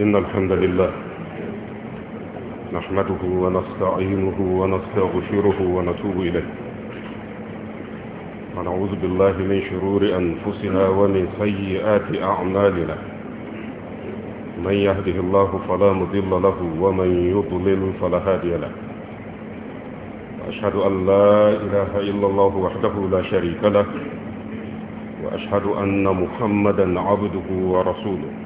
إن الحمد لله نحمده ونستعينه ونستغفره ونتوب إليه ونعوذ بالله من شرور أنفسنا ومن سيئات أعمالنا من يهده الله فلا مضل له ومن يضلل فلا هادي له أشهد أن لا إله إلا الله وحده لا شريك له وأشهد أن محمدا عبده ورسوله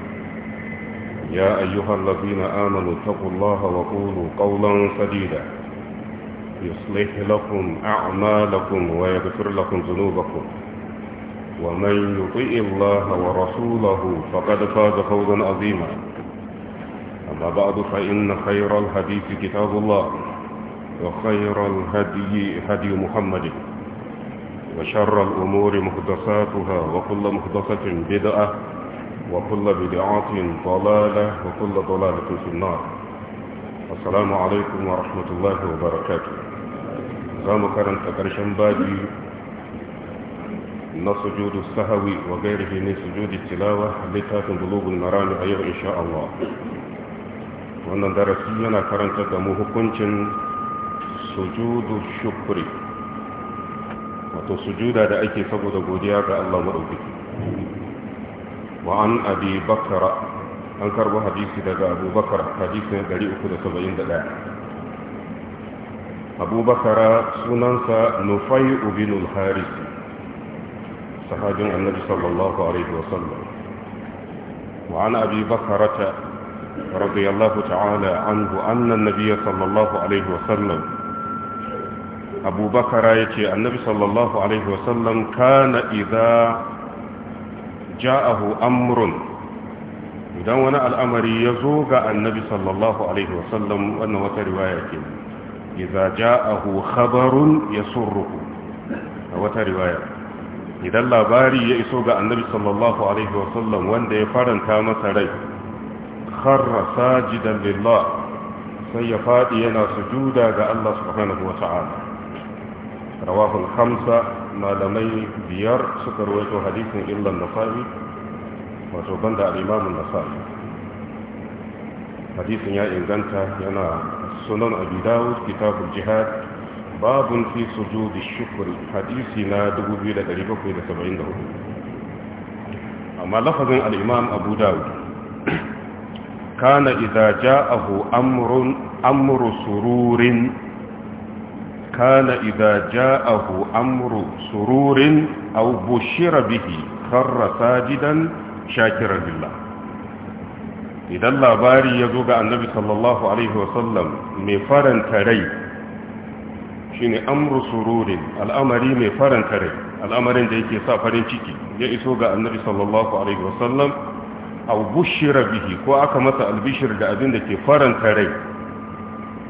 يا أيها الذين آمنوا اتقوا الله وقولوا قولا سديدا يصلح لكم أعمالكم ويغفر لكم ذنوبكم ومن يطئ الله ورسوله فقد فاز فوزا عظيما أما بعد فإن خير الحديث كتاب الله وخير الهدي هدي محمد وشر الأمور محدثاتها وكل محدثة بدأة وكل بدعة ضلالة وكل ضلالة في النار السلام عليكم ورحمة الله وبركاته زام كرم تكرشم بادي نسجود السهو وغيره من سجود التلاوة لتاف بلوغ المرام أيضا إن شاء الله wannan darasi yana karanta da mu hukuncin sujudu shukri wato sujuda da ake saboda godiya ga Allah maɗaukaki وعن أبي بكر أنكر حديث دقى أبو بكر حديث دقى أكد سبعين دقى أبو بكر سننسى نفيء بن الحارث صحاب النبي صلى الله عليه وسلم وعن أبي بكرة رضي الله تعالى عنه أن النبي صلى الله عليه وسلم أبو بكر يتي النبي صلى الله عليه وسلم كان إذا ja'ahu amrun idan wani al'amari ya zo ga annabi sallallahu alaihi wasallam wannan wata riwaya ke idza ja'ahu khabarun yasurruhu wata riwaya idan labari ya iso ga annabi sallallahu alaihi wasallam wanda ya faranta masa rai kharra sajidan lillah sai ya fadi yana sujuda ga Allah subhanahu wa ta'ala rawahu al-khamsa malamai biyar suka ruwaito hadisin illan nasa'i wato banda al'imamun nasa'i hadisin ya inganta yana sunan abu dawud kitabun jihad babun fi da shukri hadisi na 2774 amma lafazin al'imam abu dawud kana idaja ja'ahu amrun amru sururin kana idza ja'ahu amru sururin aw bushira bihi kharra sajidan shakiran lillah idan labari ya zo ga annabi sallallahu alaihi wasallam mai faranta rai ne amru sururin al'amari mai faranta rai al'amarin da yake sa farin ciki ya iso ga annabi sallallahu alaihi wasallam aw bushira bihi ko aka masa albishir da abin da ke faranta rai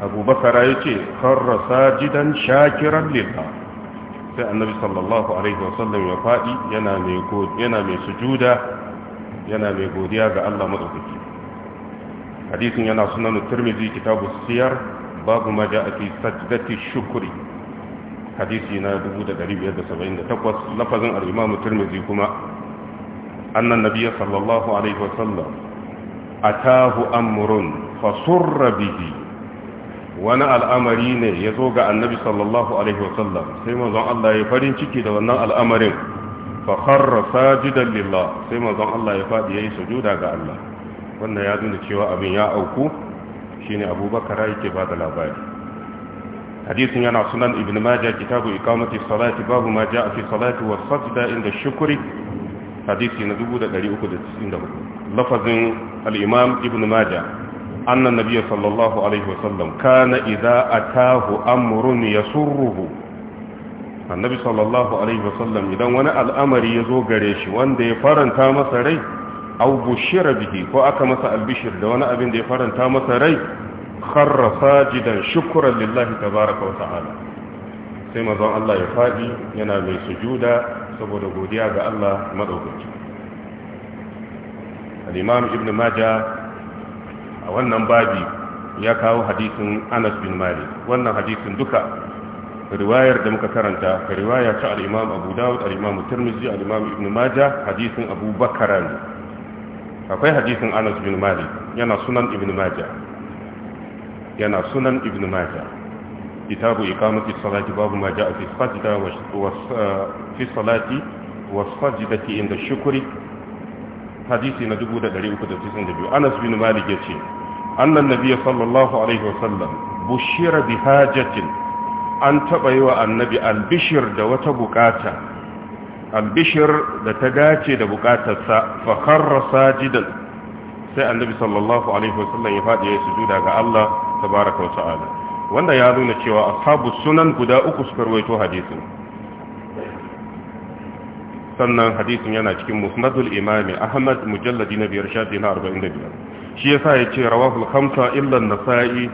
abu bakara ya ce karra sajidan shakiran lillah sai annabi sallallahu alaihi wasallam ya faɗi yana mai sujuda yana mai godiya ga allah maɗaukaki hadisin yana sunan turmizi kitabu siyar babu ma ja ake sajdati shukuri hadisi na 1578 lafazin al'imamu turmizi kuma annan nabiya sallallahu alaihi wasallam atahu amrun fasurra bibi. wani al'amari ne ya zo ga annabi sallallahu alaihi wasallam sai mazan Allah ya farin ciki da wannan al'amarin fa kharra sajidan lillah sai mazan Allah ya fadi yayi sujuda ga Allah wannan ya nuna cewa abin ya auku shine Abubakar yake ba da labari hadisin yana sunan ibn majah kitabu iqamati salati babu ma jaa fi salati was sajda inda shukri hadisi na 1394 lafazin al-imam ibn majah أن النبي صلى الله عليه وسلم كان إذا أتاه أمر يسره النبي صلى الله عليه وسلم إذا وانا الأمر يزو قريش وان دي فرن تامس ري أو بشر به فأكا مساء البشر دي وانا أبن دي فرن تامس ري خر ساجدا شكرا لله تبارك وتعالى سيما ظن الله يفادي ينا من سجودا سبو دقوديا الله مدوكي الإمام ابن ماجه a wannan babi ya kawo hadisin anas bin malik wannan hadisin duka riwayar da muka karanta ka riwaya ta al-imam abu dawud al-imam tirmidhi al-imam ibn majah hadisin abu bakara akwai hadisin anas bin malik yana sunan ibn majah yana sunan ibn majah kitabu iqamati salati babu ma jaa fi salati wa fi salati wa sajdati inda shukri hadisi na 1392 Anas bin Malik yace annan nabiyyi sallallahu alaihi wasallam bushira bi hajatin an taɓa yi wa annabi albishir da wata bukata albishir da ta dace da bukatarsa fa kharra sajidan sai annabi sallallahu alaihi wasallam ya faɗi ya yi sujuda ga Allah tabaaraka wa ta'ala wanda ya nuna cewa ashabu sunan guda uku suka rawaito hadisin sannan hadisin yana cikin musnadul imami ahmad mujalladi na biyar shafi na arba'in da biyar shi ya sa ya ce rawahul hamsa illan nasa'i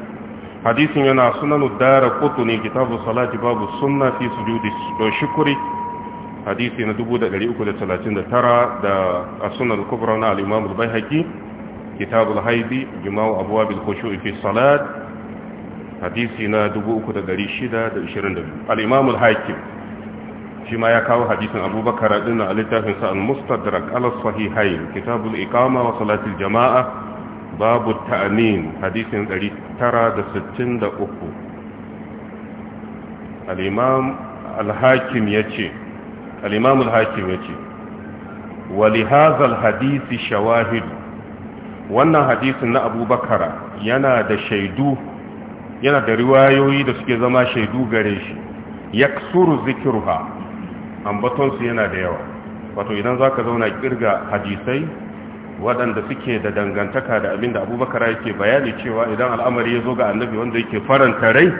hadisin yana sunanu dara kutu ne kitabu salati babu sunna fi sujudi shukuri hadisi na 339 da sunan kubra na al-imam al-baihaqi kitab al-haidi juma'u abwab al-khushu' fi salat hadisi na 3622 al-imam al-hakim shi ma ya kawo hadisin abubakar din a littafin sa al-mustadrak ala sahihayn kitabul iqama wa salatul jama'a babu ta'min hadisin 963 al-imam al-hakim yace al-imam al-hakim yace wa li hadha al-hadisi shawahid wannan hadisin na abubakar yana da shaidu yana da riwayoyi da suke zama shaidu gare shi yaksuru zikruha ambatonsu yana da yawa wato idan za ka zauna kirga hadisai waɗanda suke da dangantaka da abinda da abubakar yake bayani cewa idan al'amari ya zo ga annabi wanda yake faranta rai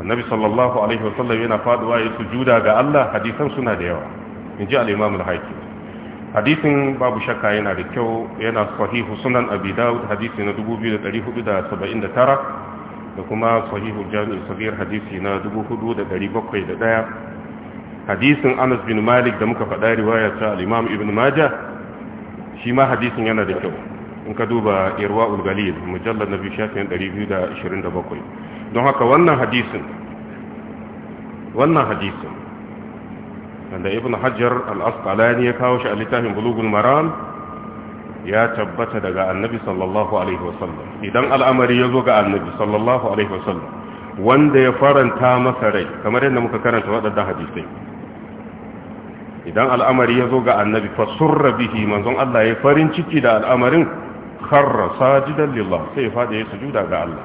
annabi sallallahu alaihi wasallam yana faduwa ya sujuda ga Allah hadisan suna da yawa in ji al'imam al hadisin babu shakka yana da kyau yana sahihu sunan abi daud hadisi na 2479 da kuma sahihu jami'i sabir hadisi na 4701 hadisin anas bin malik da muka faɗa riwaya ta al-imam ibn majah shi ma hadisin yana da kyau in ka duba irwa ulgalil mujallar na biyu shafin 227 don haka wannan hadisin wannan hadisin wanda ibn Hajar al-asqalani ya kawo shi a littafin bulugul maram ya tabbata daga annabi sallallahu alaihi wasallam idan al'amari ya zo ga annabi sallallahu alaihi wasallam wanda ya faranta masa rai kamar yadda muka karanta waɗannan hadisai idan al'amari ya zo ga annabi fa surra bihi manzon Allah ya farin ciki da al'amarin kharra sajidan lillah sai ya fadi ya sujuda ga Allah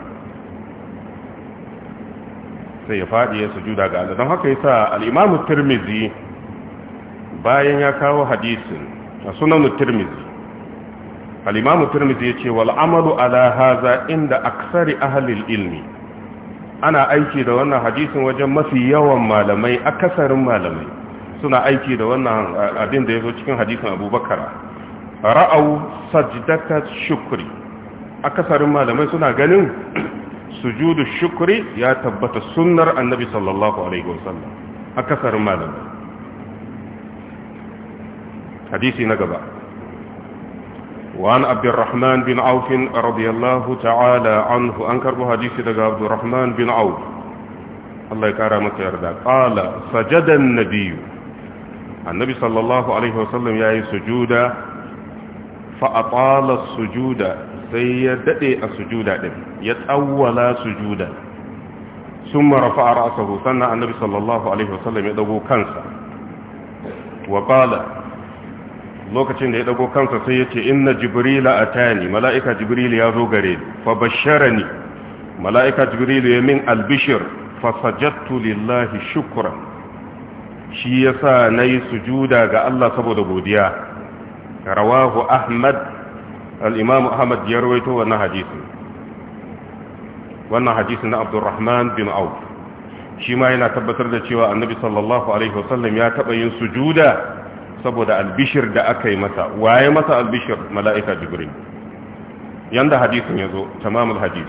sai ya fadi ya sujuda ga Allah don haka yasa al-Imam Tirmidhi bayan ya kawo hadisin a sunan Tirmidhi al-Imam Tirmidhi ce, wal amalu ala hadha inda aksari ahli al-ilmi ana aiki da wannan hadisin wajen mafi yawan malamai akasarin malamai suna aiki da wannan abin da ya zo cikin hadisin abubakar ra'au sajdata shukri akasarin malamai suna ganin sujudu shukri ya tabbata sunnar annabi sallallahu alaihi wasallam akasarin malamai hadisi na gaba وعن عبد الرحمن بن عوف رضي الله تعالى عنه أنكر بحديث دقاء عبد الرحمن بن عوف الله يكرمك يا قال سجد النبي annabi sallallahu alaihi wasallam ya yi sujuda fa'atala sujuda sai ya daɗe a sujuda ɗin ya tsawwala sujuda sun marafa a ra'asahu sannan annabi sallallahu alaihi wasallam ya ɗago kansa wa lokacin da ya ɗago kansa sai ya ce inna jibrila a tani mala'ika jibril ya zo gare fa bashara ni mala'ika jibril ya min albishir fa fasajattu lillahi shukran shi yasa yi sujuda ga Allah saboda godiya rawahu ahmad al-imam ahmad ya rawaito wannan hadisi wannan na abdurrahman bin auf shi ma yana tabbatar da cewa annabi sallallahu alaihi wasallam ya taɓa yin sujuda saboda albishir da aka yi masa waye masa albishir mala'ika jibril yanda hadisin yazo tamamul hadis.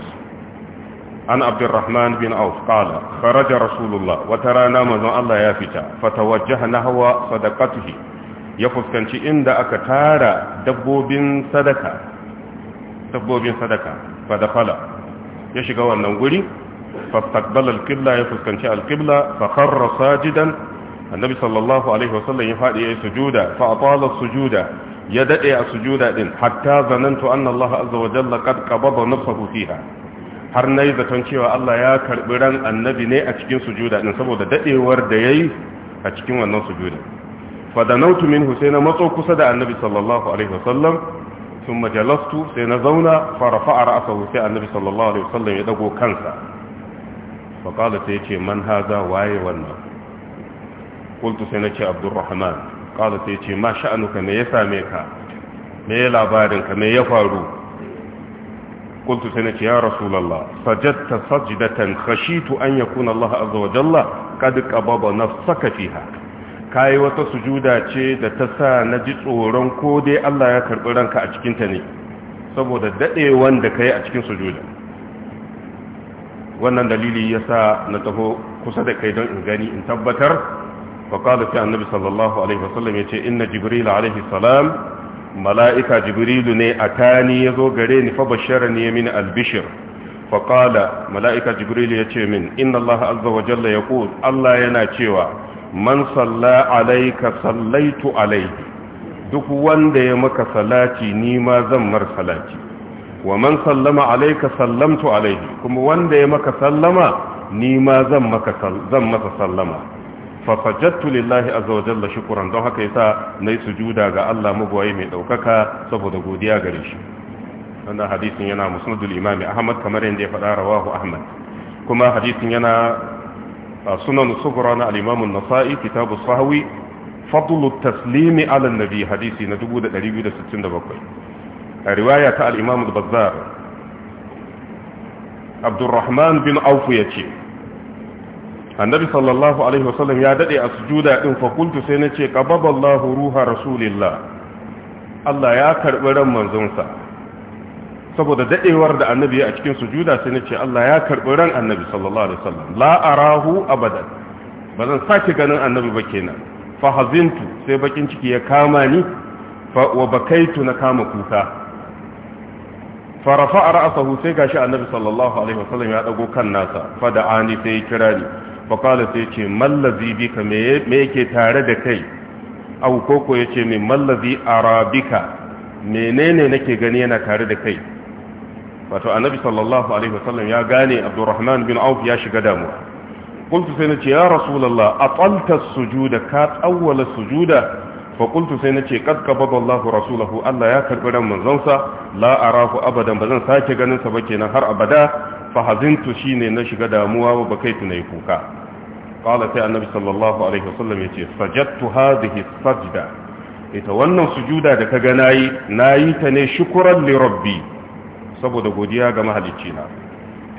an abdurrahman bin auf qala kharaja rasulullah wata rana manzon Allah ya fita fata na hawa sadaqatihi ya fuskanci inda aka tara dabbobin sadaka dabbobin ya shiga wannan guri fastaqbala alqibla ya fuskanci alqibla fa kharra sajidan annabi sallallahu alaihi wasallam ya fadi yayin sujuda fa atala sujuda ya dade a sujuda din hatta zanantu anna Allah azza wa jalla qad qabada nafsahu fiha har na yi zaton cewa Allah ya karɓi ran annabi ne a cikin sujuda ɗin saboda daɗewar da ya yi a cikin wannan sujuda fadanautu min husaina matso kusa da annabi sallallahu alaihi wasallam sun majalastu sai na zauna fara fa'ara asa husai annabi sallallahu alaihi wasallam ya ɗago kansa faƙala ta ce man haza waye wannan kultu sai na ce abdurrahman ƙala ta ce ma sha'anuka me ya same ka me ya labarinka me ya faru قلت سنك يا رسول الله سجدت سجدة خشيت أن يكون الله عز وجل قد قبض نفسك فيها kayi wata sujuda ce da ta sa na ji tsoron ko dai Allah ya karɓi ranka a cikinta ne saboda daɗewan da ka yi a cikin sujuda wannan dalili ya sa na taho kusa da kai don in gani in tabbatar wa ƙada fi annabi sallallahu alaihi wasallam ya ce inna jibril alaihi salam mala'ika jibrilu ne a tani ya zo gare ni fa bashara ne ya mini albishir faƙala mala'ika jibrilu ya ce min inna Allah azza wa jalla ya ƙus Allah yana cewa man salla alaika sallaitu alaihi duk wanda ya maka salati ni ma zan mar salati wa man sallama alaika sallamtu alaihi kuma wanda ya maka sallama ni ma zan masa sallama fasajattu lillahi azza wa jalla shukran don haka yasa nayi sujuda ga Allah mugwaye mai daukaka saboda godiya gare shi wannan hadisin yana musnadul imam Ahmad kamar yadda ya fada rawahu Ahmad kuma hadisin yana sunan sughra na al-imam an-nasa'i as sahwi fadlu at-taslim ala an-nabi hadisi na 2267 a riwaya ta al-imam al-bazzar Abdurrahman bin Auf yace annabi sallallahu alaihi wasallam ya dade a sujuda din fa kuntu sai ce qababallahu ruha rasulillah Allah ya karbi ran manzon sa saboda dadewar da annabi a cikin sujuda sai na ce Allah ya karbi ran annabi sallallahu alaihi wasallam la arahu abadan bazan sake ganin annabi ba kenan fa hazintu sai bakin ciki ya kama ni fa wa bakaitu na kama kuka farafa rafa'a ra'sahu sai gashi annabi sallallahu alaihi wasallam ya dago kan nasa fa da'ani sai ya kira ni faƙala sai ce mallazi bika me yake tare da kai abu koko ya ce min mallazi arabika menene nake gani yana tare da kai wato annabi sallallahu alaihi wasallam ya gane abdurrahman bin auf ya shiga damuwa qultu sai nace ya rasulullah atalta sujuda ka tsawwala sujuda fa qultu sai nace qad qabada Allahu rasulahu Allah ya karbi ran manzon sa la arahu abadan bazan sake ganin sa ba kenan har abada fahazintu shine na shiga damuwa wa bakaitu yi kuka qala sai annabi sallallahu alaihi wasallam yace sajadtu hadhihi sajda ita wannan sujuda da ka yi, nayi nayi ta ne shukuran li rabbi saboda godiya ga mahalicci na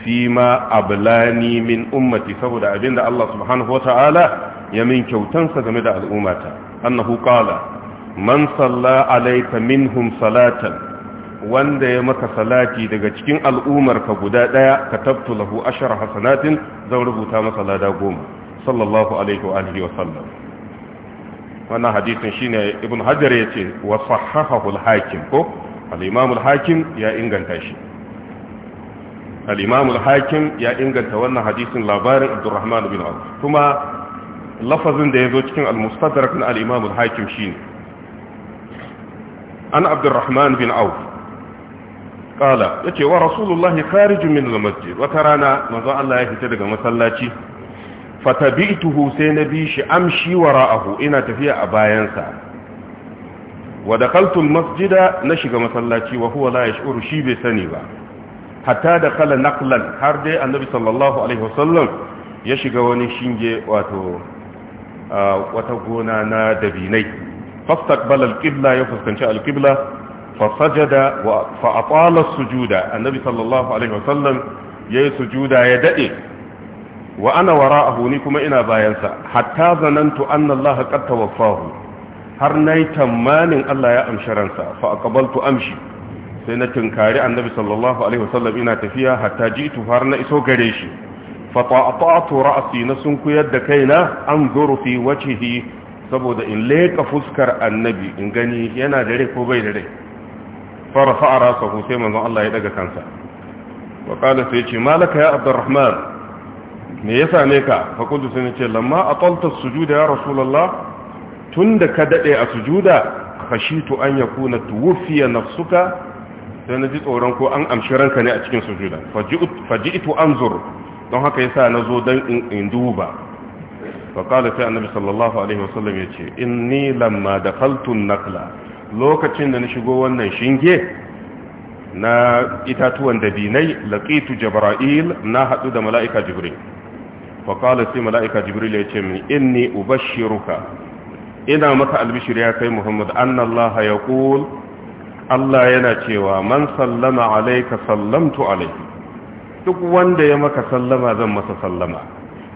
fi ma ablani min ummati saboda abinda Allah subhanahu ta'ala ya min kyautansa game da al'ummata annahu qala man salla alayka minhum salatan wanda ya maka salati daga cikin al'umar ka guda ɗaya ka tabtu lahu ashar hasanatin zan rubuta masa lada goma sallallahu alaihi wa alihi wa sallam wannan hadisin shine ibn hajar yace wa sahahahu al-hakim ko al-imam al-hakim ya inganta shi al-imam al-hakim ya inganta wannan hadisin labarin abdurrahman bin auf kuma lafazin da yazo cikin al-mustadrak na al-imam al-hakim shine an abdurrahman bin auf ya yace wa rasulullahi kharij min al-masjid wata rana manzo Allah ya fita daga masallaci fatabi'tuhu sai na bi shi amshi wara'ahu ina tafiya a bayansa wa dakhaltu al-masjida na shiga masallaci wa huwa la yash'uru shi bai sani ba hatta dakhala naqlan har dai annabi sallallahu alaihi wasallam ya shiga wani shinge wato ah, wata gona na dabinai fastaqbala al-qibla ya fuskanci al-qibla fasajada fa sujuda annabi sallallahu alaihi wasallam yayi sujuda ya daɗe wa ana wara'ahu ni kuma ina bayansa hatta zanantu anna har nayi tamanin Allah ya amshi ransa fa aqbaltu amshi sai na tinkari annabi sallallahu alaihi wasallam ina tafiya hatta jitu har na iso gare shi fa ta'atu ra'si na kuyar da kaina anzuru fi wajhihi saboda in leka fuskar annabi in gani yana da rai ko bai da rai farafa a rasa sai manzon Allah ya daga kansa wa kala sai ce malaka ya abdurrahman me ya same ka fa sai ce lamma atalta sujuda ya rasulullah tunda ka daɗe a sujuda khashitu an tuwufiya na suka. sai naji tsoron ko an amshi ranka ne a cikin sujuda faji'tu anzur don haka yasa nazo dan in duba fa kala sai annabi sallallahu alaihi wasallam yace ni lamma da an-nakla lokacin da na shigo wannan shinge na itatuwan dabinai laqitu jibril na hadu da mala'ika jibril fa qala sai mala'ika jibril ya ce min inni ubashshiruka ina maka albishir ya kai muhammad annallaha yaqul Allah yana cewa man sallama alayka sallamtu alayhi duk wanda ya maka sallama zan masa sallama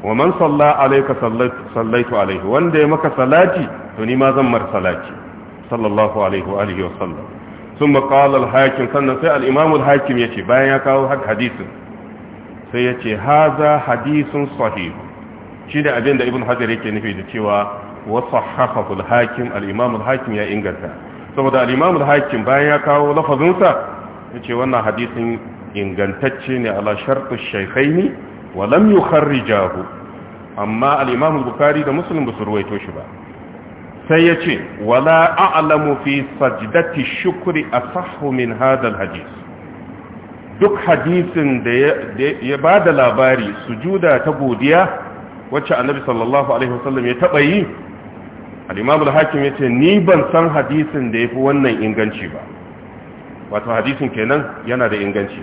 wa man salla alayka sallaitu alayhi wanda ya maka salati to ni ma zan mar salati sallallahu alaihi wa alihi wasallam sun maƙalar hakim sannan sai al'imamul hakim ya ce bayan ya kawo hadisin sai yace haza hadisun sahih shi da abin da hajar yake nufi da cewa wasu hafaful hakim al'imamul hakim ya inganta saboda al'imamul hakim bayan ya kawo lafazinsa ya wannan hadisin ingantacce ne ala sharɗin shaikai ne wa lam yi amma al'imamul bukari da musulun ba su ruwaito shi ba sai ya ce wala a'lamu fi sajdati shukri asahhu min hadha duk hadisin da ya da labari sujuda ta godiya wacce annabi sallallahu alaihi wasallam ya taba yi al-imam al-hakim yace ni ban san hadisin da yafi wannan inganci ba wato hadisin kenan yana da inganci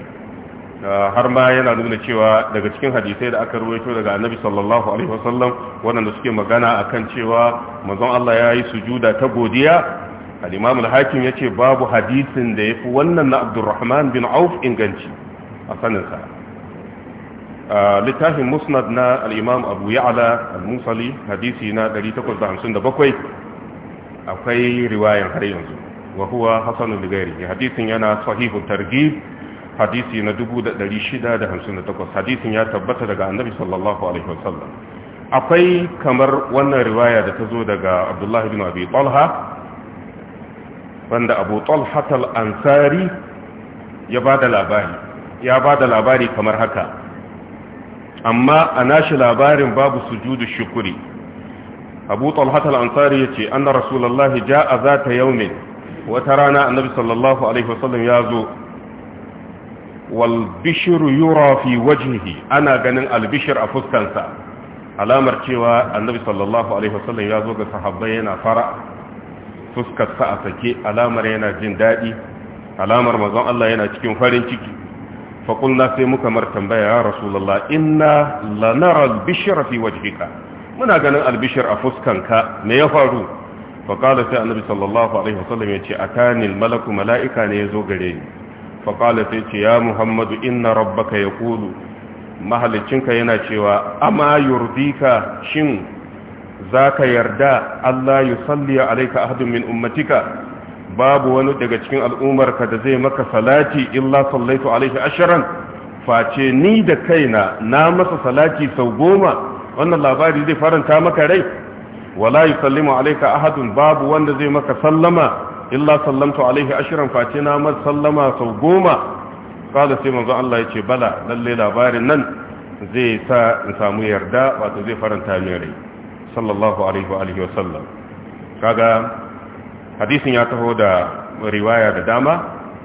Ah, har ma yana nuna cewa daga cikin hadisai da aka ruwaito daga annabi sallallahu alaihi wasallam waɗanda suke magana akan cewa manzon Allah ya yi sujuda ta godiya al-imam al-hakim yace babu hadisin da yafi wannan na Abdurrahman bin Auf inganci a sanin sa ah, littafin musnad na al-imam Abu Ya'la al-Musali hadisi na 857 akwai riwayan har yanzu wa huwa hasanul ghairi hadisin yana sahihu targhib hadisi na 658 hadisin ya tabbata daga annabi sallallahu alaihi wasallam akwai kamar wannan riwaya da ta zo daga abdullahi bin abi talha wanda abu talha al-ansari ya bada labari ya bada labari kamar haka amma a nashi labarin babu sujudu shukuri abu talha al-ansari ya yace anna rasulullahi jaa zata yawmin wata rana annabi sallallahu alaihi wasallam ya zo wal bishru yura fi wajhihi ana ganin al a fuskansa alamar cewa annabi sallallahu alaihi wasallam ya zo ga sahabbai yana fara fuskarsa a sake alamar yana jin daɗi alamar mazan Allah yana cikin farin ciki faƙulla sai muka mar tambaya ya rasulallah inna lanara albishir fi wajhika muna ganin albishir a fuskanka me ya faru faƙala sai annabi sallallahu alaihi wasallam ya ce atanil malaku mala'ika ne ya zo gare ni faƙala sai ce ya muhammadu inna rabbaka ya kulu mahalicinka yana cewa amma yurdika shin za ka yarda Allah ya salli alaika ahadun min ummatika babu wani daga cikin al'ummarka da zai maka salati illa sallaitu alaihi ashirin face ni da kaina na masa salati sau goma wannan labari zai faranta maka rai wala yusallimu alaika ahadun babu wanda zai maka sallama illa sallamtu alaihi ashirin face na sallama sau goma kala sai manzo Allah ya ce bala lalle labarin nan zai sa in samu yarda wato zai faranta min rai sallallahu alaihi wa alihi wa sallam kaga hadisin ya taho da riwaya da dama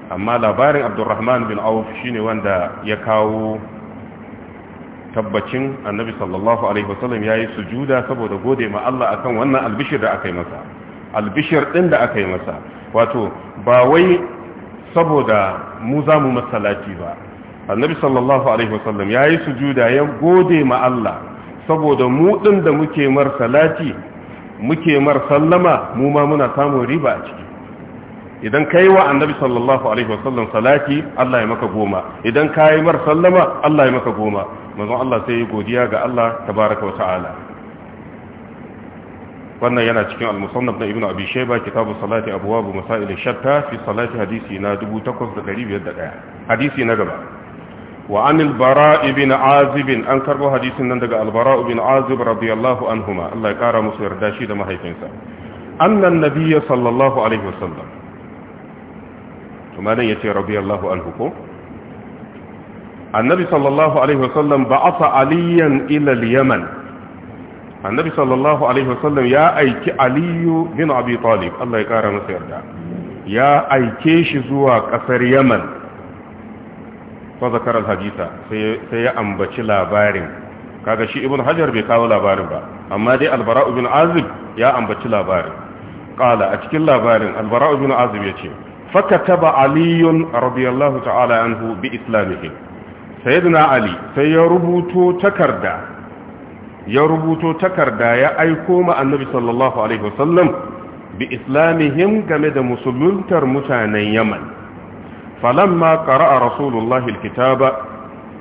amma labarin abdurrahman bin auf shine wanda ya kawo tabbacin annabi sallallahu alaihi wasallam yayi sujuda saboda gode ma Allah akan wannan albishir da aka yi masa albishir din da aka yi masa wato ba wai saboda mu za mu masallaci ba annabi sallallahu alaihi wasallam ya yi sujuda ya gode ma Allah saboda mu din da muke mar salati muke mar sallama mu ma muna samun riba a ciki idan kai wa annabi sallallahu alaihi wasallam salati Allah ya maka goma idan kayi mar sallama Allah ya maka goma manzon Allah sai ya godiya ga Allah tabaraka wa ta'ala wannan yana cikin al-musannaf na ibnu abi shayba kitabu salati abwab masail shatta fi salati hadisi na 8501 hadisi na gaba wa anil bara ibn azib an karbo hadisin nan daga al-bara ibn azib radiyallahu anhuma Allah ya kara musu yarda shi da mahaifinsa annan nabiyyi sallallahu alaihi wasallam kuma dan yace radiyallahu anhu ko annabi sallallahu alaihi wasallam ba'atha aliyan ila al-yaman annabi sallallahu alaihi wasallam ya aiki aliyu bin abi talib Allah ya kara masa yarda ya aike shi zuwa kasar yaman fa zakarar hadisa sai ya ambaci labarin kaga shi ibn hajar bai kawo labarin ba amma dai Albara bin azib ya ambaci labarin qala a cikin labarin albara'u bin azib yace fakataba aliyun radiyallahu ta'ala anhu bi islamihi sayyidina ali sai ya rubuto takarda ya rubuto takarda ya aiko ma annabi sallallahu alaihi wasallam bi islamihim game da musuluntar mutanen yaman falamma qara'a rasulullahi alkitaba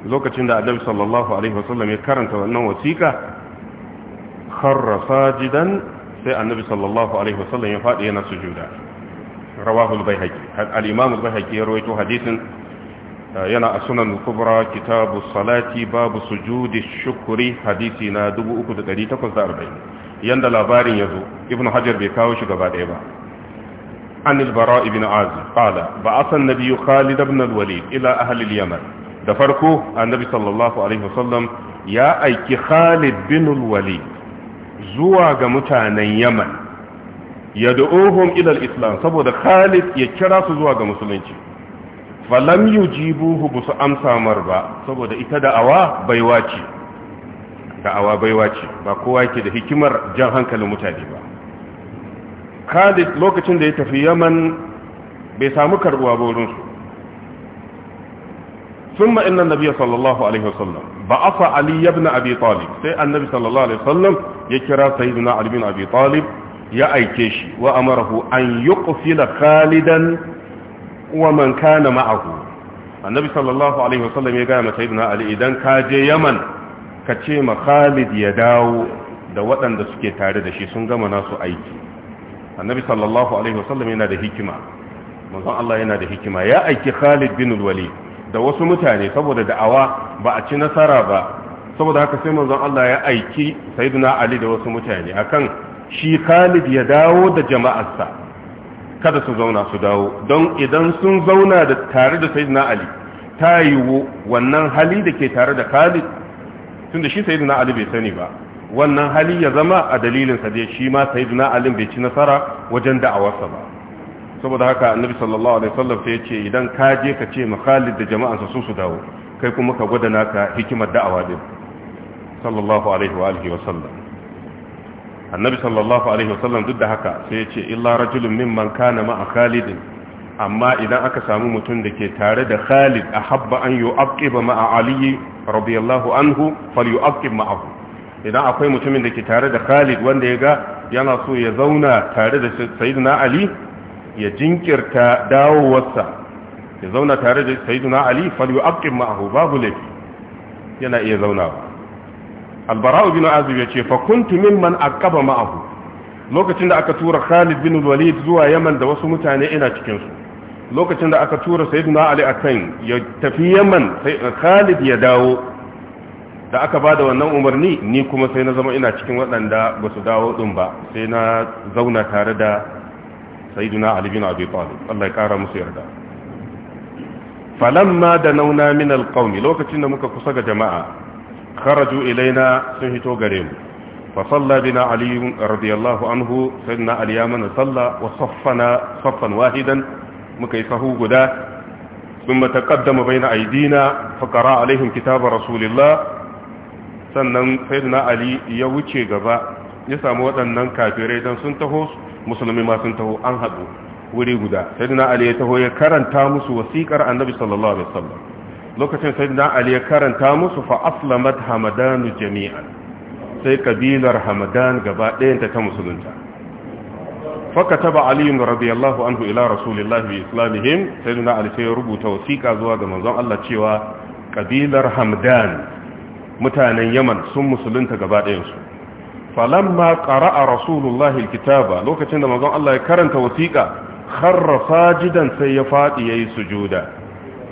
lokacin da annabi sallallahu alaihi wasallam ya karanta wannan wasiƙa kharra sajidan sai annabi sallallahu alaihi wasallam ya faɗi yana sujuda rawahu al-baihaqi al-imam al-baihaqi ya rawaito hadisin yana a sunan kubra kitabu salati babu sujudi shukuri hadisi na 3840 yanda labarin ya zo ibn hajar bai kawo shi gabaɗaya ba an ilbara ibn azim ƙala ba a san nabi khalid ibn al ila ahalil yaman da farko annabi sallallahu alaihi wasallam ya aiki khalid bin zuwa ga mutanen yaman ya da'uhum ila al-islam saboda khalid ya kira su zuwa ga musulunci falam ji buhu ba su amsa mar ba saboda ita da awa baiwa ce da awa ce ba kowa ke da hikimar jan hankalin mutane ba khalid lokacin da ya tafi yaman bai samu karbuwa borinsu sun ma'inan nabi sallallahu alaihi wasallam ba afa ali yabin abi talib sai annabi sallallahu alaihi wasallam ya kira sayyidina albin abi talib ya aike shi wa amara an yi ƙufila khalidan wa man kana ma'ahu annabi sallallahu alaihi wasallam ya gaya masa ibn ali idan ka je yaman ka ce ma khalid ya dawo da waɗanda suke tare da shi sun gama nasu aiki annabi sallallahu alaihi wasallam yana da hikima manzon Allah yana da hikima ya aiki khalid bin walid da wasu mutane saboda da'awa ba a ci nasara ba saboda haka sai manzon Allah ya aiki sayyidina ali da wasu mutane akan shi khalid ya dawo da jama'arsa kada su zauna su dawo don idan sun zauna da tare da sayyidina ali ta yiwu wannan hali da ke tare da khalid tun da shi sayyidina ali bai sani ba wannan hali ya zama a dalilin sa dai shi ma sayyidina ali bai ci nasara wajen da'awarsa ba saboda haka annabi sallallahu alaihi wasallam sai ya ce idan ka je ka ce ma khalid da jama'ansa su su dawo kai kuma ka gwada naka hikimar da'awa din sallallahu alaihi wa alihi wasallam annabi sallallahu alaihi wasallam duk da haka sai ya ce illa rajulun mimman kana ma'a khalidin amma idan aka samu mutum da ke tare da khalid a habba an yi aqiba ma'a aliyu radiyallahu anhu fal yuqib ma'ahu idan akwai mutumin da ke tare da khalid wanda ya ga yana so ya zauna tare da sayyidina ali ya jinkirta dawowarsa ya zauna tare da sayyidina ali fal yuqib ma'ahu babu laifi yana iya zaunawa albara'u bin azib ya ce fa kuntu mimman aqaba ma'ahu lokacin da aka tura Khalid bin Walid zuwa Yaman da wasu mutane ina cikin su lokacin da aka tura Sayyidina Ali akan ya tafi Yaman sai Khalid ya dawo da aka bada wannan umarni ni kuma sai na zama ina cikin waɗanda ba su dawo din ba sai na zauna tare da Sayyidina Ali bin Abi Talib Allah ya kara musu yarda falamma da nauna min alqaumi lokacin da muka kusa ga jama'a kharaju ilaina sun hito gare mu fa salla bina ali radiyallahu anhu sayyidina ali ya mana salla wa wahidan muka yi sahu guda ثم تقدم بين أيدينا فقرأ عليهم كتاب رسول الله sannan na ali ya wuce gaba ya samu waɗannan kafirai don sun taho musulmi ma sun taho an haɗu wuri guda sayyidina ali ya taho ya karanta musu wasiƙar annabi sallallahu alaihi wasallam lokacin sai na ali ya karanta musu fa aslamat hamadanu jami'an sai kabilar hamadan gaba ɗayanta ta musulunta Fa فكتب علي رضي anhu ila rasulillah bi الله باسلامهم سيدنا Ali sai ya rubuta wasiqa zuwa ga manzon Allah cewa kabilar Hamdan mutanen Yaman sun musulunta gaba ɗayan su falamma qara'a rasulullah alkitaba lokacin da manzon Allah ya karanta wasiqa kharra sajidan sai ya fadi yayi sujuda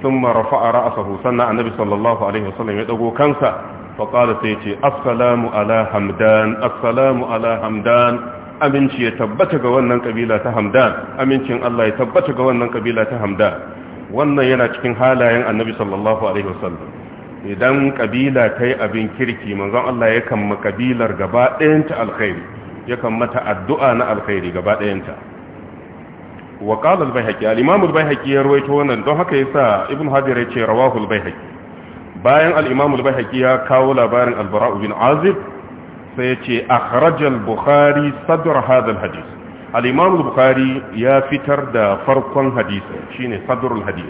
sun marafa a ra'asahu sannan annabi sallallahu alaihi wasallam ya dago kansa faƙada sai ce assalamu ala hamdan assalamu ala hamdan aminci ya tabbata ga wannan kabila ta hamdan amincin Allah ya tabbata ga wannan kabila ta hamdan wannan yana cikin halayen annabi sallallahu alaihi idan kabila ta yi abin kirki manzon Allah ya kan ma kabilar gaba ɗayanta alkhairi ya mata addu'a na alkhairi gaba ɗayanta wa qala al-baihaqi al-imam al ya rawaito wannan don haka yasa ibn hajar ya ce rawahu al bayan al-imam al ya kawo labarin al-bara' azib sai ya ce akhraj al-bukhari sadr hadha al-hadith al-imam al-bukhari ya fitar da farkon hadisi shine sadr al-hadith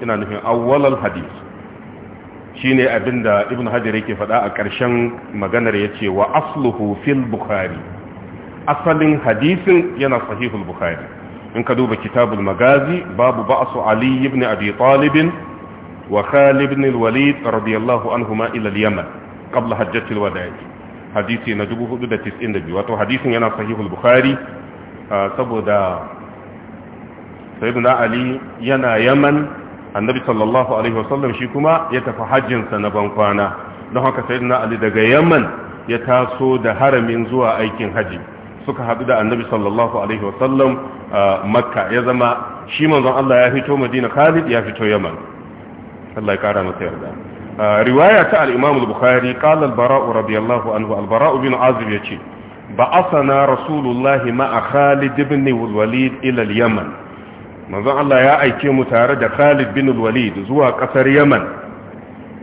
ina nufin awwal al-hadith shine abinda ibn hajar yake faɗa a ƙarshen maganar ya ce wa asluhu fil bukhari asalin hadisin yana sahihul bukhari in ka duba kitabul magazi babu ba'su ali ibn abi talib wa khalid ibn al-walid radiyallahu anhuma ila al-yaman qabla hajjatil wada'i hadisi na 492 wato hadisin yana sahihul bukhari saboda sayyidina ali yana yaman annabi sallallahu alaihi wasallam shi kuma ya tafi hajjinsa na kwana don haka sayyidina ali daga yaman ya taso da haramin zuwa aikin hajji. suka hadu da annabi sallallahu alaihi wasallam makka ya zama shi manzon Allah ya fito madina khalid ya fito yaman Allah ya kara masa yarda riwaya ta al-imam al-bukhari qala al-bara radiyallahu anhu al-bara bin azib yace ba asana rasulullahi ma khalid ibn al-walid ila al-yaman manzon Allah ya aike mu tare da khalid bin al-walid zuwa kasar yaman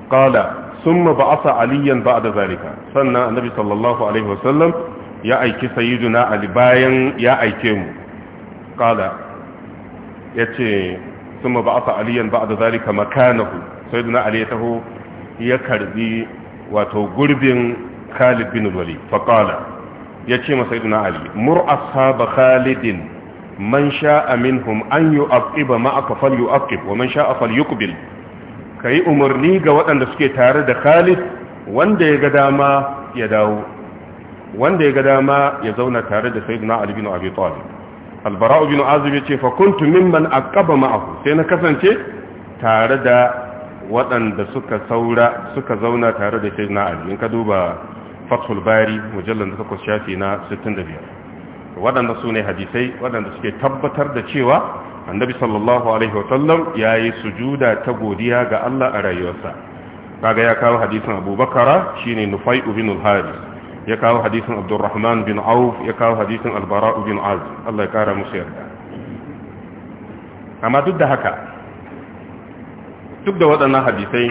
qala ثم بعث عليا بعد ذلك سنة النبي صلى الله عليه وسلم ya aiki sayyiduna ali bayan ya aike mu kala ya ce sun ba aka aliyan ba da zalika makanahu sayyiduna ali ya taho ya karbi wato gurbin khalid bin wali faƙala ya ce ma sayyiduna ali mur ashaba khalidin man sha'a minhum an yu'aqiba ma aka fal yi yu'aqib wa man sha'a fal Ka yi umarni ga waɗanda suke tare da khalid wanda ya ga dama ya dawo wanda ya ga dama ya zauna tare da sayyidina ali bin abi talib albara bin azib yace fa kuntu mimman aqaba ma'ahu sai na kasance tare da waɗanda suka saura suka zauna tare da sayyidina ali in ka duba fathul bari mujallal da shafi na 65 waɗanda su ne hadisai waɗanda suke tabbatar da cewa annabi sallallahu alaihi wasallam ya yi sujuda ta godiya ga Allah a rayuwarsa kaga ya kawo hadisin abubakara shine nufai ibn al-haris ya kawo hadisin abdurrahman bin auf ya kawo hadisin albara'u bin az Allah ya kara musu yarda amma duk da haka duk da waɗannan hadisai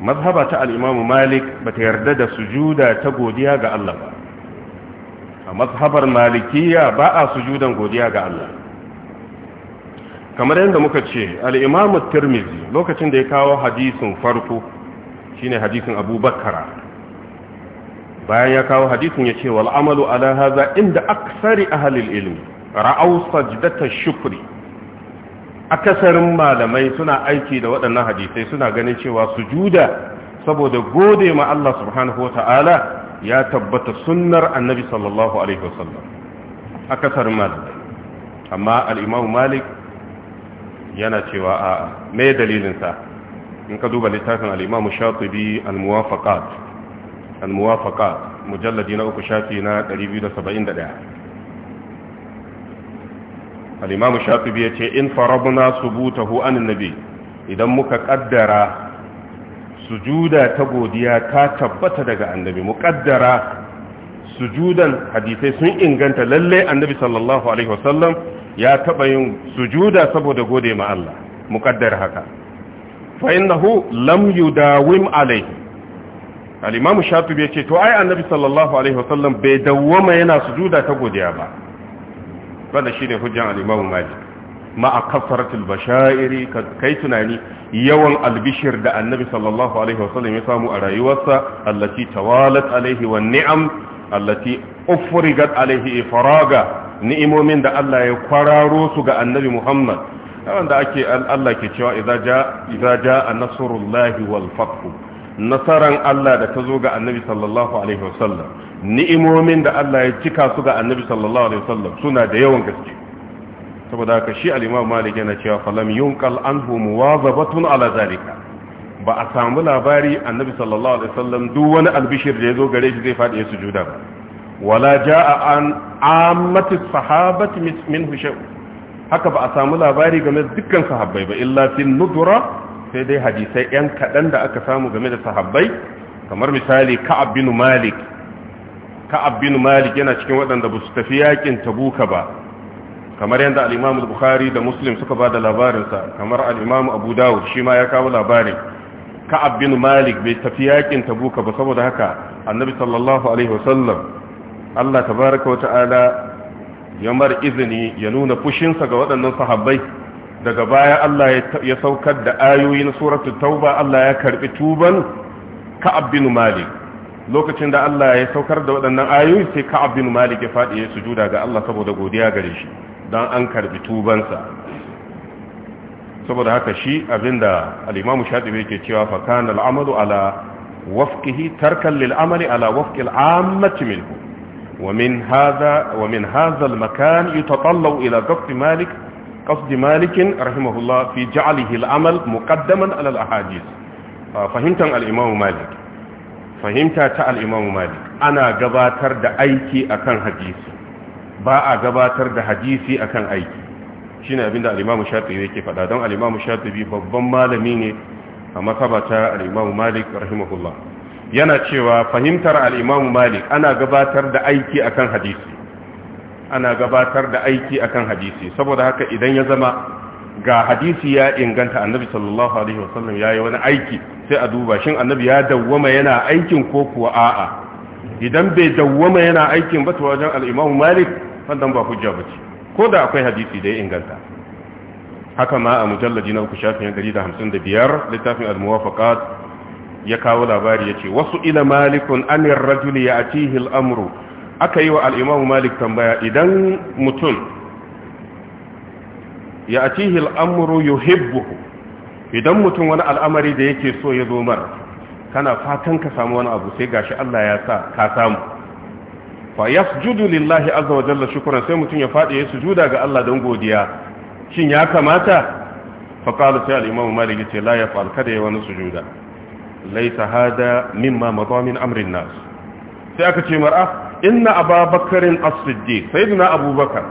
mazhaba ta al'imamu malik ba ta yarda da sujuda ta godiya ga Allah ba a mazhabar malikiya ba a sujudan godiya ga Allah kamar yadda muka ce al'imamu tirmizi lokacin da ya kawo hadisin farko shine hadisin bakara. bayan ya kawo hadisin ya ce wal amalu ala haza inda aksari ahlil ilmi ra'aw sajdata shukri akasarin malamai suna aiki da waɗannan hadisai suna ganin cewa sujuda saboda gode ma Allah subhanahu ta'ala ya tabbata sunnar annabi sallallahu alaihi wasallam akasarin malamai amma al malik yana cewa a me dalilinsa? in ka duba littafin al-imam shatibi al-muwafaqat al-muwafaqa mujalladi na uku shafi na 271 al-imam shafi'i yace in farabna subutahu anin nabi idan muka kaddara sujuda ta godiya ta tabbata daga annabi muqaddara sujudan hadisai sun inganta lallai annabi sallallahu alaihi wasallam ya taɓa yin sujuda saboda gode ma Allah muqaddar haka fa innahu lam yudawim alaihi Alimamu Shatu bai ce to ai annabi sallallahu alaihi wasallam bai dawwama yana sujuda ta godiya ba wanda shine hujjan al-imamu malik ma'a kasaratul bashairi kai tunani yawan albishir da annabi sallallahu alaihi wasallam ya samu a rayuwarsa allati tawalat alaihi wa ni'am allati ufrigat alaihi ifraga ni'imomin da Allah ya kwararo su ga annabi Muhammad wanda ake Allah ke cewa idza a idza jaa nasrullahi wal fath nasaran Allah da ta zo ga annabi sallallahu alaihi wasallam ni'imomin da Allah ya cika su ga annabi sallallahu alaihi wasallam suna da yawan gaske saboda haka shi al-Imam Malik yana cewa falam yunqal anhu muwazabatun ala zalika ba a samu labari annabi sallallahu alaihi wasallam duk wani albishir da ya zo gare shi zai fadi ya sujuda ba wala jaa an ammatis sahabati minhu shay haka ba a samu labari game da dukkan sahabbai ba illa fil nudra sai dai hadisai yan kaɗan da aka samu game da sahabbai kamar misali ka'ab bin malik ka'ab bin malik yana cikin waɗanda ba su tafi yakin tabuka ba kamar yadda al-imamu bukhari da muslim suka ba da labarinsa kamar al abu dawud shi ma ya kawo labarin ka'ab bin malik bai tafi yakin tabuka ba saboda haka annabi sallallahu alaihi wasallam Allah tabaraka wa ta'ala ya mar izini ya nuna fushinsa ga waɗannan sahabbai daga baya Allah ya saukar da ayoyi na suratul tauba Allah ya karbi tuban Ka'ab bin Malik lokacin da Allah ya saukar da waɗannan ayoyi sai Ka'ab bin Malik ya faɗi ya sujuda ga Allah saboda godiya gare shi don an karbi tubansa saboda haka shi abinda al-Imam Shatibi yake cewa fa kana al-amalu ala wafqihi tarkan lil amali ala wafqi al-ammati minhu ومن هذا ومن هذا المكان يتطلع الى ضبط مالك qasd malik rahimahullah fi ja'alihi al-amal muqaddaman ala al-ahadith ah, malik fahimta ta al malik ana gabatar da aiki akan hadisi ba a gabatar da hadisi akan aiki shine abinda al-imam shafi'i yake faɗa don al-imam babban malami ne a makabata al-imam malik rahimahullah yana cewa fahimtar al malik ana gabatar da aiki akan hadisi ana gabatar da aiki akan hadisi saboda haka idan ya zama ga hadisi ya inganta annabi sallallahu alaihi wasallam yayi wani aiki sai a duba shin annabi ya dawwama yana aikin ko kuwa a'a idan bai dawwama yana aikin ba to wajen al-Imam Malik wannan ba hujja bace ko da akwai hadisi da ya inganta haka ma a mujallaji na uku shafin 155 littafin al-muwafaqat ya kawo labari yace wasu ila malikun anir rajuli ya'tihi al-amru aka yi wa al'imamu malik tambaya idan mutum ya a cihil amuru yuhibbuhu idan mutum wani al'amari da yake so ya zo mara kana fatan ka samu wani abu sai gashi Allah ya sa ka samu fa yasjudu lillahi azza wa jalla shukran sai mutum ya fadi ya sujuda ga Allah don godiya shin ya kamata fa qala sai al-imam malik yace la yaf'al kada ya wani sujuda laysa hada mimma madamin amrin nas sai aka ce mar'a ah, inna ababakarin as-siddiq sayyidina abubakar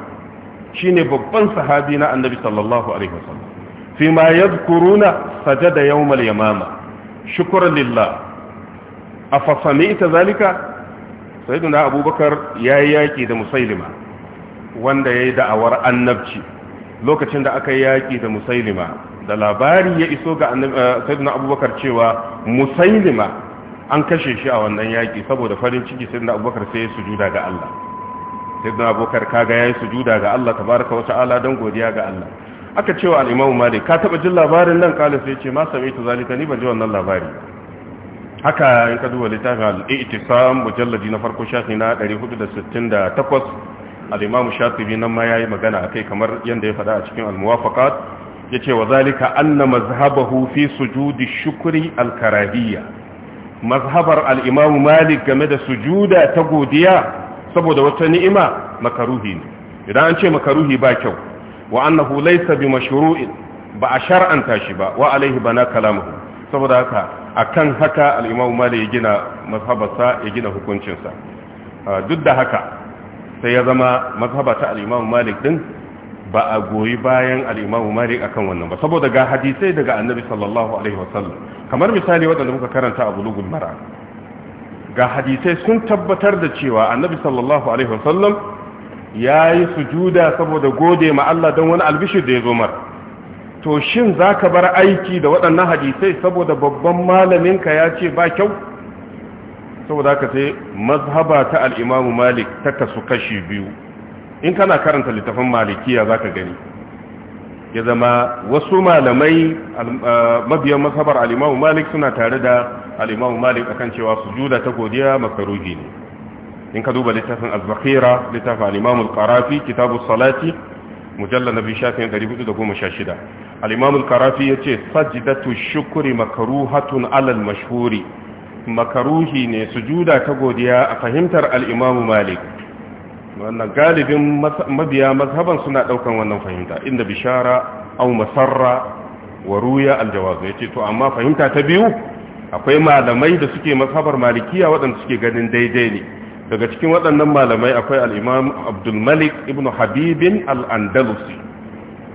shine babban sahabi na annabi sallallahu alaihi wasallam fi ma yadhkuruna sajada yawm al-yamama shukran lillah afa ita zalika sayyidina abubakar yi yaƙi da musailima wanda yayi da'awar annabci lokacin da aka yi yaki da musailima da labari ya iso ga eh, sayyidina abubakar cewa musailima an kashe shi a wannan yaƙi saboda farin ciki sai da abubakar sai ya sujuda ga Allah sai da abubakar kaga ya yi sujuda ga Allah tabaraka wa ta'ala don godiya ga Allah aka ce wa al'imamu malik ka taɓa jin labarin nan kala sai ce ma sami ta zalika ni ban ji wannan labari haka in ka duba littafin al'i'tisam mujalladi na farko shafi na 468 al'imamu shafi nan ma ya yi magana a kai kamar yadda ya faɗa a cikin al-muwafaqat ya ce wa zalika anna mazhabahu fi sujudi shukri al-karahiyya mazhabar al'imamu malik game da sujuda ta godiya saboda wata ni'ima makaruhi ne idan an ce makaruhi ba kyau wa annahu laysa bi mashru'in ba a shar'anta shi ba wa alaihi bana kalamuhu saboda haka akan haka al'imamu malik ya gina mazhabarsa ya gina hukuncinsa duk da haka sai ya zama mazhaba ta al'imamu malik din ba a goyi bayan al'imamu malik akan wannan ba saboda ga hadisai daga annabi sallallahu alaihi wasallam kamar misali waɗanda muka karanta a bulugun mara ga hadisai sun tabbatar da cewa annabi sallallahu alaihi wasallam ya yi sujuda saboda gode ma Allah don wani albishir da ya zo mar to shin za ka bar aiki da waɗannan hadisai saboda babban malaminka ya ce ba kyau saboda haka sai mazhaba ta al'imamu malik ta kasu kashi biyu in kana karanta littafin malikiya za ka gani ya zama wasu malamai mabiyan masabar alimamu malik suna tare da alimamu malik akan cewa juda ta godiya makaruhi ne in ka duba littafin az littafin alimamu al-qarafi kitabu salati mujalla na biyu shafin 416 alimamu al-qarafi ya ce sajidatu shukuri makaruhatun alal mashhuri makaruhi ne sujuda ta godiya a fahimtar alimamu malik wannan galibin mabiya mazhaban suna daukan wannan fahimta inda bishara aw masarra wa ruya aljawaz yace to amma fahimta ta biyu akwai malamai da suke mazhabar malikiya waɗanda suke ganin daidai ne daga cikin waɗannan malamai akwai al-imam Abdul Malik ibn Habib al-Andalusi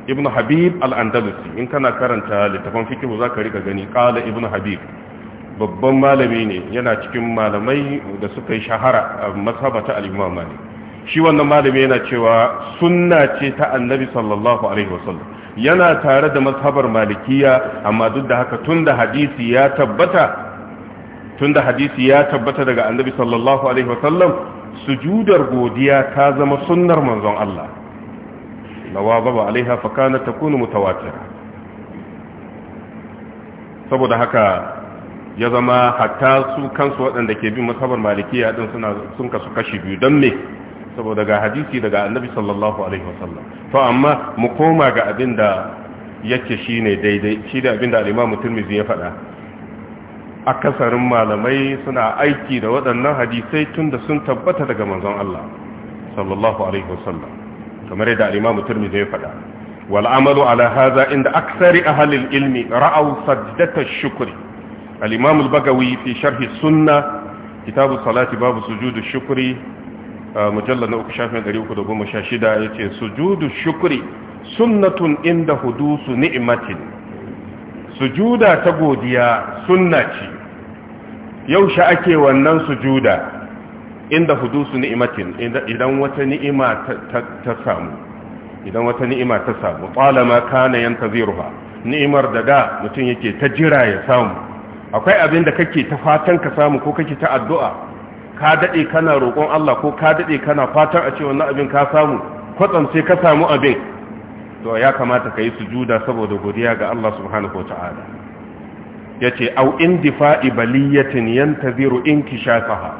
ibn Habib al-Andalusi in kana karanta littafin fikihu zaka rika gani qala ibn Habib babban malami ne yana cikin malamai da suka yi shahara a mazhabata al-imam Malik shi wannan malami yana cewa sunna ce ta annabi sallallahu alaihi wasallam yana tare da mazhabar malikiya amma duk da haka tunda hadisi ya tabbata tunda hadisi ya tabbata daga annabi sallallahu alaihi wasallam sujudar godiya ta zama sunnar manzon Allah lawazaba alaiha fa kana takunu mutawatira saboda haka ya zama hatta su kansu waɗanda ke bin mazhabar malikiya din suna sun kasu kashi biyu don me saboda ga hadisi daga annabi sallallahu alaihi wasallam to amma mu koma ga abin da yake shine daidai shi da abin da al-Imam Tirmidhi ya faɗa akasarin malamai suna aiki da waɗannan hadisai tunda sun tabbata daga manzon Allah sallallahu alaihi wasallam kamar yadda al-Imam Tirmidhi ya faɗa wal amalu ala hadha inda aksari ahli al-ilmi ra'aw sajdata ash-shukri al-Imam al-Bagawi fi sharh as-sunnah kitab as-salati bab sujud ash-shukri mujalla na uku shafin 316 ya ce sujudu shukri sunnatun inda hudusu ni'matin sujuda ta godiya sunna ce yaushe ake wannan sujuda inda hudusu ni'matin idan wata ni'ima ta samu idan wata ni'ima ta samu talama kana yantaziruha ni'imar da da mutum yake ta jira ya samu akwai abin da kake ta fatan ka samu ko kake ta addu'a ka daɗe kana roƙon Allah ko ka daɗe kana fatan a ce wannan abin ka samu kwatsam sai ka samu abin to ya kamata ka yi sujuda saboda godiya ga Allah subhanahu wa ta'ala ya ce au indifa'i in yantaziru inkishafaha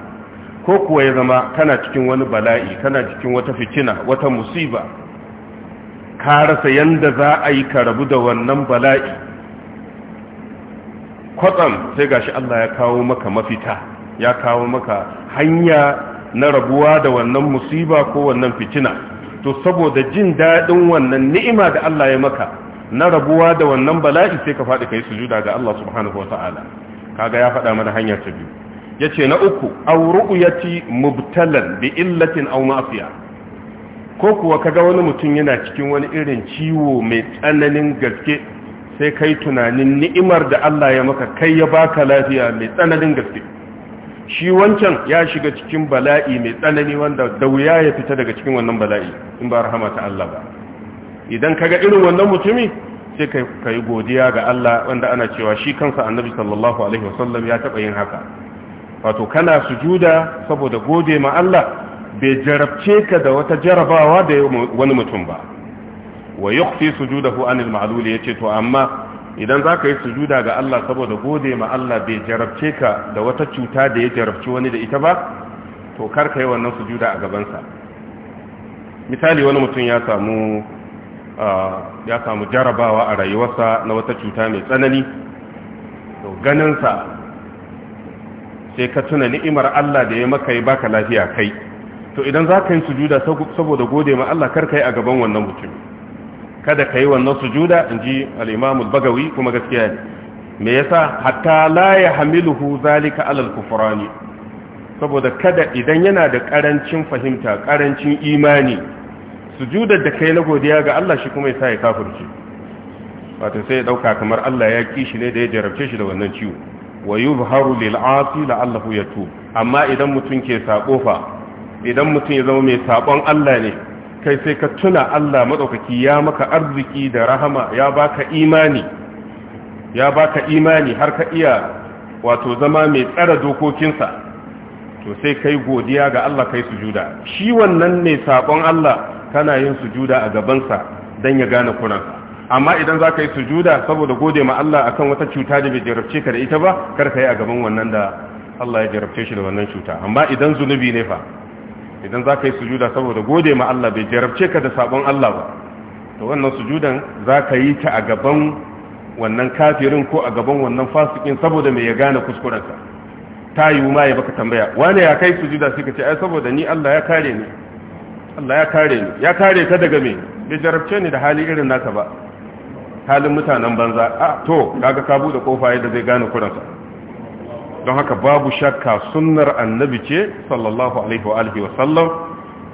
ko kuwa ya zama kana cikin wani bala'i kana cikin wata fitina wata musiba ka rasa yanda za a yi ka rabu da wannan bala'i kwatsam sai gashi Allah ya kawo maka mafita ya kawo maka hanya na rabuwa da wannan musiba ko wannan fitina to saboda jin daɗin wannan ni'ima da Allah ya maka na rabuwa da wannan bala'i sai ka faɗi kai sujuda ga Allah subhanahu ta'ala. kaga ya faɗa mana hanya ta biyu yace na uku aw ru'yati mubtalan bi illatin aw ma'fiya ko kuwa kaga wani mutum yana cikin wani irin ciwo mai tsananin gaske sai kai tunanin ni'imar da Allah ya maka kai ya baka lafiya mai tsananin gaske shi wancan ya shiga cikin bala'i mai tsanani wanda da wuya ya fita daga cikin wannan bala'i in ba rahama ta Allah ba idan kaga irin wannan mutumi sai ka yi godiya ga Allah wanda ana cewa shi kansa annabi sallallahu alaihi wasallam ya taɓa yin haka wato kana sujuda saboda gode ma Allah bai jarabce ka da wata jarabawa da wani mutum ba wa yuqfi sujudahu anil ma'lul yace to amma idan za ka yi sujuda ga Allah saboda gode ma Allah bai jarabce ka da wata cuta da ya jarabci wani da ita ba to kar ka yi wannan sujuda a gabansa misali wani mutum ya samu ya samu jarabawa a rayuwarsa na wata cuta mai tsanani to ganinsa sai ka tuna ni'imar Allah da ya maka yi baka lafiya kai to idan za ka yi sujuda saboda gode ma Allah kar ka yi a gaban wannan mutum kada ka yi wannan sujuda in ji al'imamul bagawi kuma gaskiya ne me yasa hatta la ya hamiluhu zalika alal kufurani saboda kada idan yana da karancin fahimta karancin imani sujudar da kai na godiya ga Allah shi kuma yasa ya kafurci Wata sai ya ɗauka kamar Allah ya ki shi ne da ya jarabce shi da wannan ciwo wa yuzharu lil asi la'allahu tu amma idan mutum ke saƙofa, idan mutum ya zama mai saƙon Allah ne kai sai ka tuna Allah matsaukaki ya maka arziki da rahama ya baka imani ya baka imani har ka iya wato zama mai tsara dokokinsa to sai kai godiya ga Allah kai sujuda shi wannan ne sabon Allah kana yin sujuda a gabansa don ya gane kuransa amma idan za ka yi sujuda saboda gode ma Allah akan wata cuta da bai jarabce ka da ita ba kar ka yi a gaban wannan da Allah ya jarabce shi da wannan cuta amma idan zunubi ne fa idan za ka yi sujuda saboda gode ma Allah bai jarabce ka da sabon Allah ba to wannan sujudan za ka yi ta a gaban wannan kafirin ko a gaban wannan fasikin saboda mai ya gane kuskurensa ta yi ma ya baka tambaya wane ya kai sujuda sai ka ce ai saboda ni Allah ya kare ni Allah ya kare ni ya kare ka daga me bai jarabce ni da hali irin naka ba halin mutanen banza a to kaga ka bude kofa yadda zai gane kuransa don haka babu shakka sunnar annabi ce sallallahu alaihi wa alihi wa sallam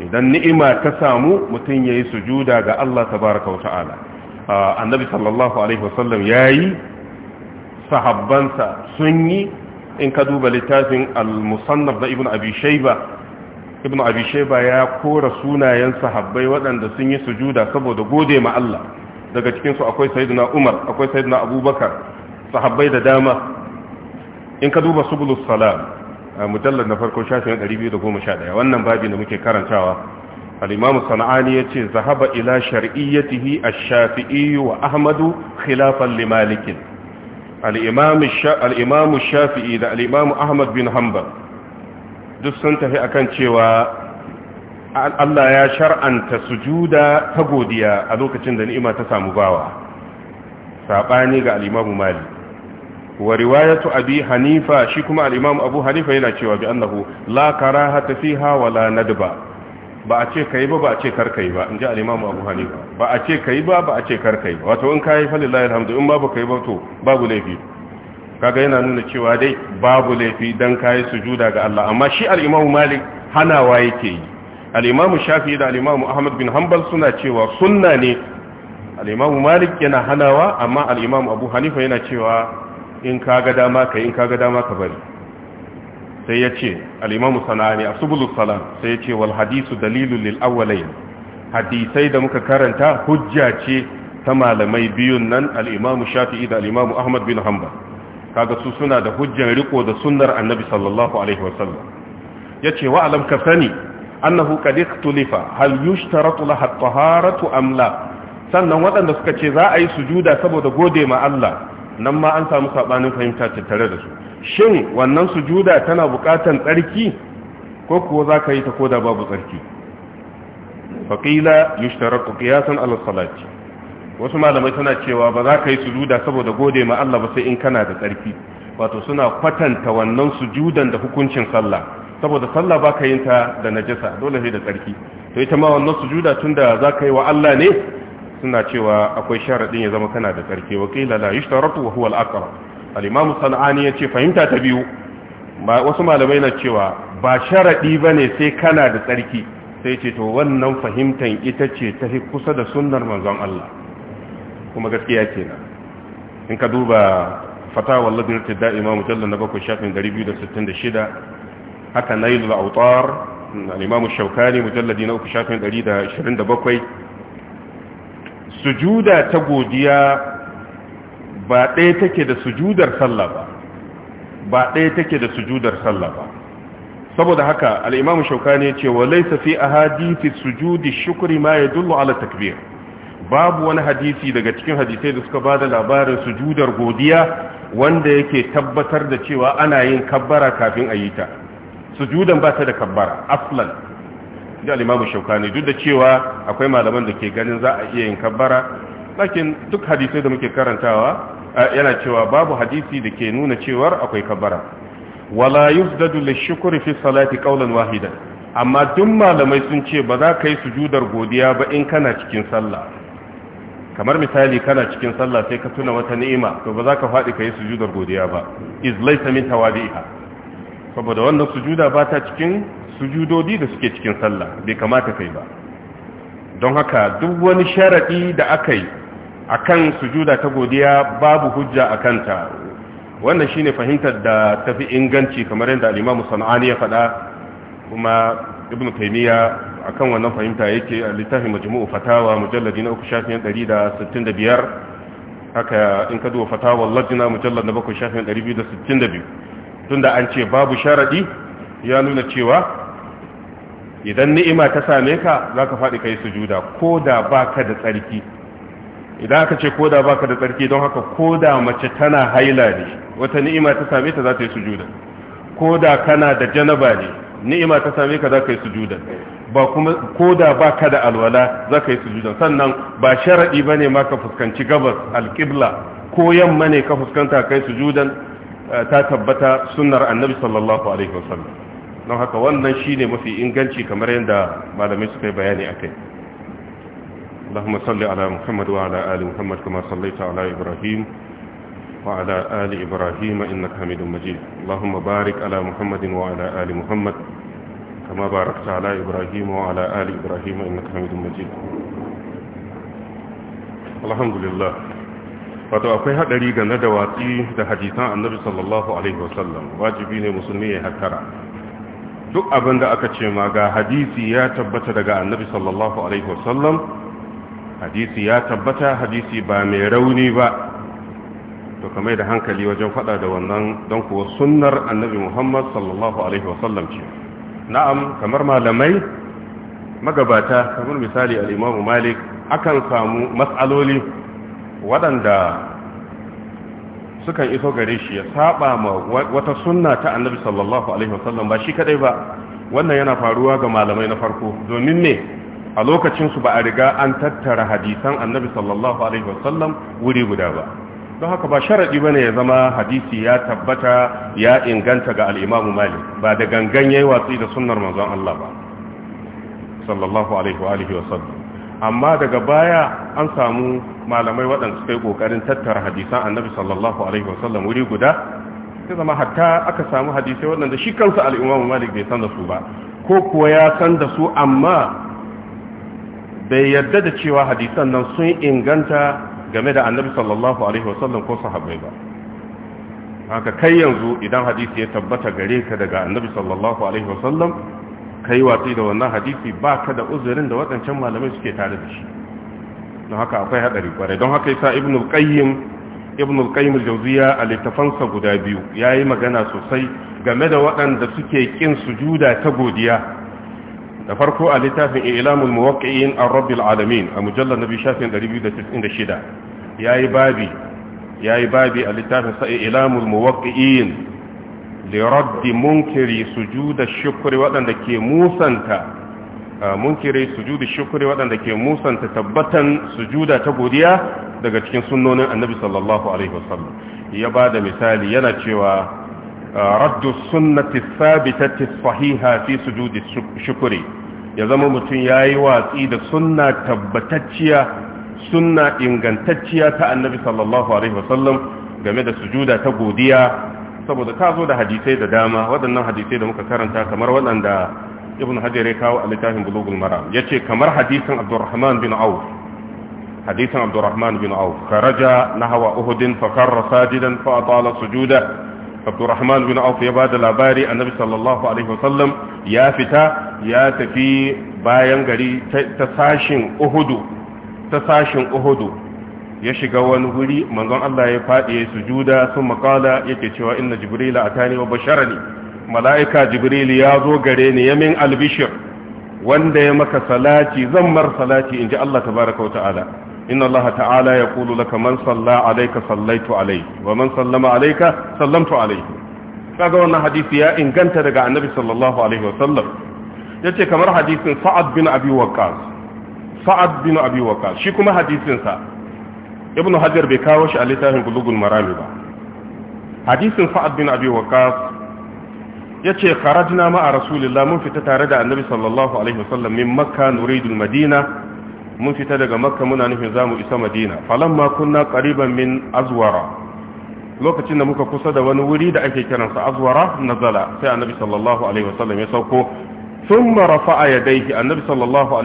idan ni'ima ta samu mutum yayi sujuda ga Allah tabaaraka wa ta'ala ah, annabi sallallahu alaihi wa sallam yayi sahabbansa sun yi in ka duba littafin al-musannaf da ibnu abi shayba ibnu abi shayba ya kora sunayen sahabbai waɗanda sun yi sujuda saboda gode ma Allah daga cikin su akwai sayyidina Umar akwai sayyidina Abubakar sahabbai da dama in ka duba subulus salam a mujallar na farko shafin 211 wannan babin da muke karantawa al-imamu sana'ani yace zahaba ila shar'iyyatihi ash-shafi'i wa ahmadu khilafan li malik al-imamu shafii da al-imamu ahmad bin hanbal duk sun tafi akan cewa Allah ya shar'anta sujuda ta godiya a lokacin da ni'ima ta samu bawa saɓani ga al-imamu malik wa riwayatu abi hanifa shi kuma al-imam abu hanifa yana cewa bi annahu la karahata fiha wala nadba ba a ce kai ba ba a ce kar kai ba inji al-imam abu hanifa ba a ce kai ba ba a ce kar kai ba wato in kai fa lillahi alhamdu in babu kai ba to babu laifi kaga yana nuna cewa dai babu laifi dan kai sujuda ga Allah amma shi al-imam malik hanawa yake yi al-imam shafi da al-imam ahmad bin hanbal suna cewa sunna ne al-imam malik yana hanawa amma al-imam abu hanifa yana cewa in ka ga dama ka in ka ga dama ka bari sai ya ce al'imamu sana'ani a subulus salam sai ya ce wal hadisu dalilu lil hadisai da muka karanta hujja ce ta malamai biyun nan al'imamu shafi'i da al'imamu ahmad bin hamba kaga su suna da hujjan riko da sunnar annabi sallallahu alaihi wasallam ya ce wa alam ka sani annahu qad ikhtulifa hal yushtaratu laha taharatu am sannan waɗanda suka ce za a yi sujuda saboda gode ma Allah nan ma an samu sabanin fahimta tattare da su shin wannan sujuda tana bukatan tsarki ko kuwa za ka yi ta koda babu tsarki faƙila yushtaratu qiyasan al salati wasu malamai suna cewa ba za ka yi sujuda saboda gode ma Allah ba sai in kana da tsarki wato suna kwatanta wannan sujudan da hukuncin sallah saboda sallah ba ka yin ta da najasa dole sai da tsarki to ita ma wannan sujuda tunda za ka yi wa Allah ne suna cewa akwai sharaɗin ya zama kana da tsarki wa qila la yushtaratu wa huwa al-aqrab al-imam sanani ce fahimta ta biyu ba wasu malamai na cewa ba sharadi bane sai kana da tsarki sai ce to wannan fahimtan ita ce ta fi kusa da sunnar manzon Allah kuma gaskiya kenan in ka duba fatawa ladin tidda imam jalla na bakwai shafin 266 haka nailul autar al-imam shaukani mujalladi na uku shafin 127 sujuda ta godiya ba ɗaya take da sujudar sallah ba ba ɗaya take da sujudar sallah ba saboda haka al'imamu shaukani ce wa laisa fi a hadisi sujudi shukuri ma ya dullo ala takbir babu wani hadisi daga cikin hadisai da suka ba da labarin sujudar godiya wanda yake tabbatar da cewa ana yin kabbara kafin a yi ta sujudan ba ta da kabbara aslan da al-imamu ne duk da cewa akwai malaman da ke ganin za a iya yin kabbara lakin duk hadisai da muke karantawa yana cewa babu hadisi da ke nuna cewar akwai kabbara wala yuzdadu lishukri fi salati qawlan wahidan amma duk malamai sun ce ba za ka yi sujudar godiya ba in kana cikin sallah kamar misali kana cikin sallah sai ka tuna wata ni'ima to ba za ka fadi ka yi sujudar godiya ba iz laysa min tawadi'a saboda wannan sujuda ba ta cikin sujudodi da suke cikin sallah bai kamata kai ba don haka duk wani sharaɗi da aka yi a kan sujuda ta godiya babu hujja a kanta wannan shine fahimtar da tafi inganci kamar yadda al'imamu sana'ani ya faɗa kuma ibn taimiyya a kan wannan fahimta yake a littafin majmu'u fatawa mujalladi na uku da 165 haka in ka duba fatawa lajina mujallar na bakwai biyu 262 tunda an ce babu sharaɗi ya nuna cewa idan ni'ima ta same ka za ka faɗi ka yi sujuda ko da ba ka da tsarki idan aka ce ko da ba ka da tsarki don haka ko da mace tana haila ne wata ni'ima ta same ta za ta yi sujuda ko da kana da janaba ne ni'ima ta same ka za ka yi sujuda ba kuma ko da ba ka da alwala za ka yi sujuda sannan ba sharaɗi ba ne ma ka fuskanci gabas alƙibla ko yamma ne ka fuskanta kai sujudan eh, ta tabbata sunnar annabi sallallahu alaihi wasallam don haka wannan shine mafi inganci kamar yadda malamai suka yi bayani akai اللهم صل على محمد وعلى آل محمد كما صليت على إبراهيم وعلى آل إبراهيم إنك حميد مجيد اللهم ala على محمد وعلى آل محمد كما باركت ala إبراهيم وعلى آل إبراهيم إنك حميد مجيد الحمد Alhamdulillah. wato akwai hadari game da watsi da hadisan annabi sallallahu alaihi wasallam wajibi ne musulmi ya hakkara duk abin da aka ce ma ga hadisi ya tabbata daga annabi sallallahu alaihi wasallam hadisi ya tabbata hadisi ba mai rauni ba to kamar da hankali wajen fada da wannan don kuwa sunnar annabi muhammad sallallahu alaihi wasallam ce na'am kamar malamai magabata kamar misali al'imamu malik akan samu matsaloli waɗanda sukan iso gare shi ya saba ma wata sunna ta annabi sallallahu alaihi wasallam ba shi kadai ba wannan yana faruwa ga malamai na farko domin ne a lokacin su ba a riga an tattara hadisan annabi sallallahu alaihi wasallam wuri guda ba don haka ba sharadi bane ya zama hadisi ya tabbata ya inganta ga al-Imam Malik ba da gangan yayi watsi da sunnar manzon Allah ba sallallahu alaihi wa alihi wasallam amma daga baya an samu malamai waɗanda suka yi ƙoƙarin tattara hadisan annabi sallallahu alaihi wasallam wuri guda ta zama hatta aka samu hadisai waɗanda shi kansa al'imamu malik bai san da su ba ko kuwa ya san da su amma bai yarda da cewa hadisan nan sun inganta game da annabi sallallahu alaihi wasallam ko sahabbai ba haka kai yanzu idan hadisi ya tabbata gare ka daga annabi sallallahu alaihi wasallam yi watsi da wannan hadisi ba ka da uzurin da waɗancan malamai suke tare da shi don haka akwai haɗari kwarai don haka yasa ibn al-qayyim ibn al-qayyim al-jawziya a littafansa guda biyu yayi magana sosai game da waɗanda suke kin sujuda ta godiya da farko a littafin ilamul muwaqqi'in ar-rabbil alamin a mujallal nabi shafin 296 yayi babi yayi babi a littafin sa ilamul muwaqqi'in liraddi munkiri sujuda shukri waɗanda ke musanta ah, munkiri sujuda shukri waɗanda ke musanta tabbatan sujuda ta godiya daga cikin sunnonin annabi sallallahu alaihi wasallam ya ba da misali yana cewa ah, raddu sunnati sabitati sahiha fi sujudi shukri ya zama mutum ya yi watsi da sunna tabbatacciya sunna ingantacciya ta annabi sallallahu alaihi wasallam game da sujuda ta godiya saboda ka zo da hadisai da dama waɗannan hadisai da muka karanta kamar waɗanda ibn hajar ya kawo a littafin bulugul ya yace kamar hadisin abdurrahman bin auf hadisin abdurrahman bin auf na hawa uhudin fa karra sajidan fa atala sujuda abdurrahman bin auf ya bada labari annabi sallallahu alaihi wasallam ya fita ya tafi bayan gari ta sashin uhudu ta sashin uhudu ya shiga wani guri manzon Allah ya faɗi ya sujuda sun makala yake cewa inna jibrila a tani wa basharani mala'ika jibril ya zo gare ni yamin albishir wanda ya maka salati zan mar salati in ji Allah tabaraka wa ta'ala inna Allah ta'ala ya kulu laka man salla alaika sallaitu alaihi wa man sallama alaika sallamtu alaihi kaga wannan hadisi ya inganta daga annabi sallallahu alaihi wa sallam yace kamar hadisin sa'ad bin abi waqqas sa'ad bin abi waqqas shi kuma hadisin sa ibn hajar bai kawo shi a littafin bulugul marami ba hadisin sa'ad bin abi waqas yace kharajna ma a rasulillah mun fita tare da annabi min makka nuridu madina mun fita daga makka muna nufin zamu isa madina falamma kunna qariban min azwara lokacin da muka kusa da wani wuri da ake kiransa azwara nazala sai annabi sallallahu alaihi wasallam ya sauko thumma rafa'a yadayhi annabi sallallahu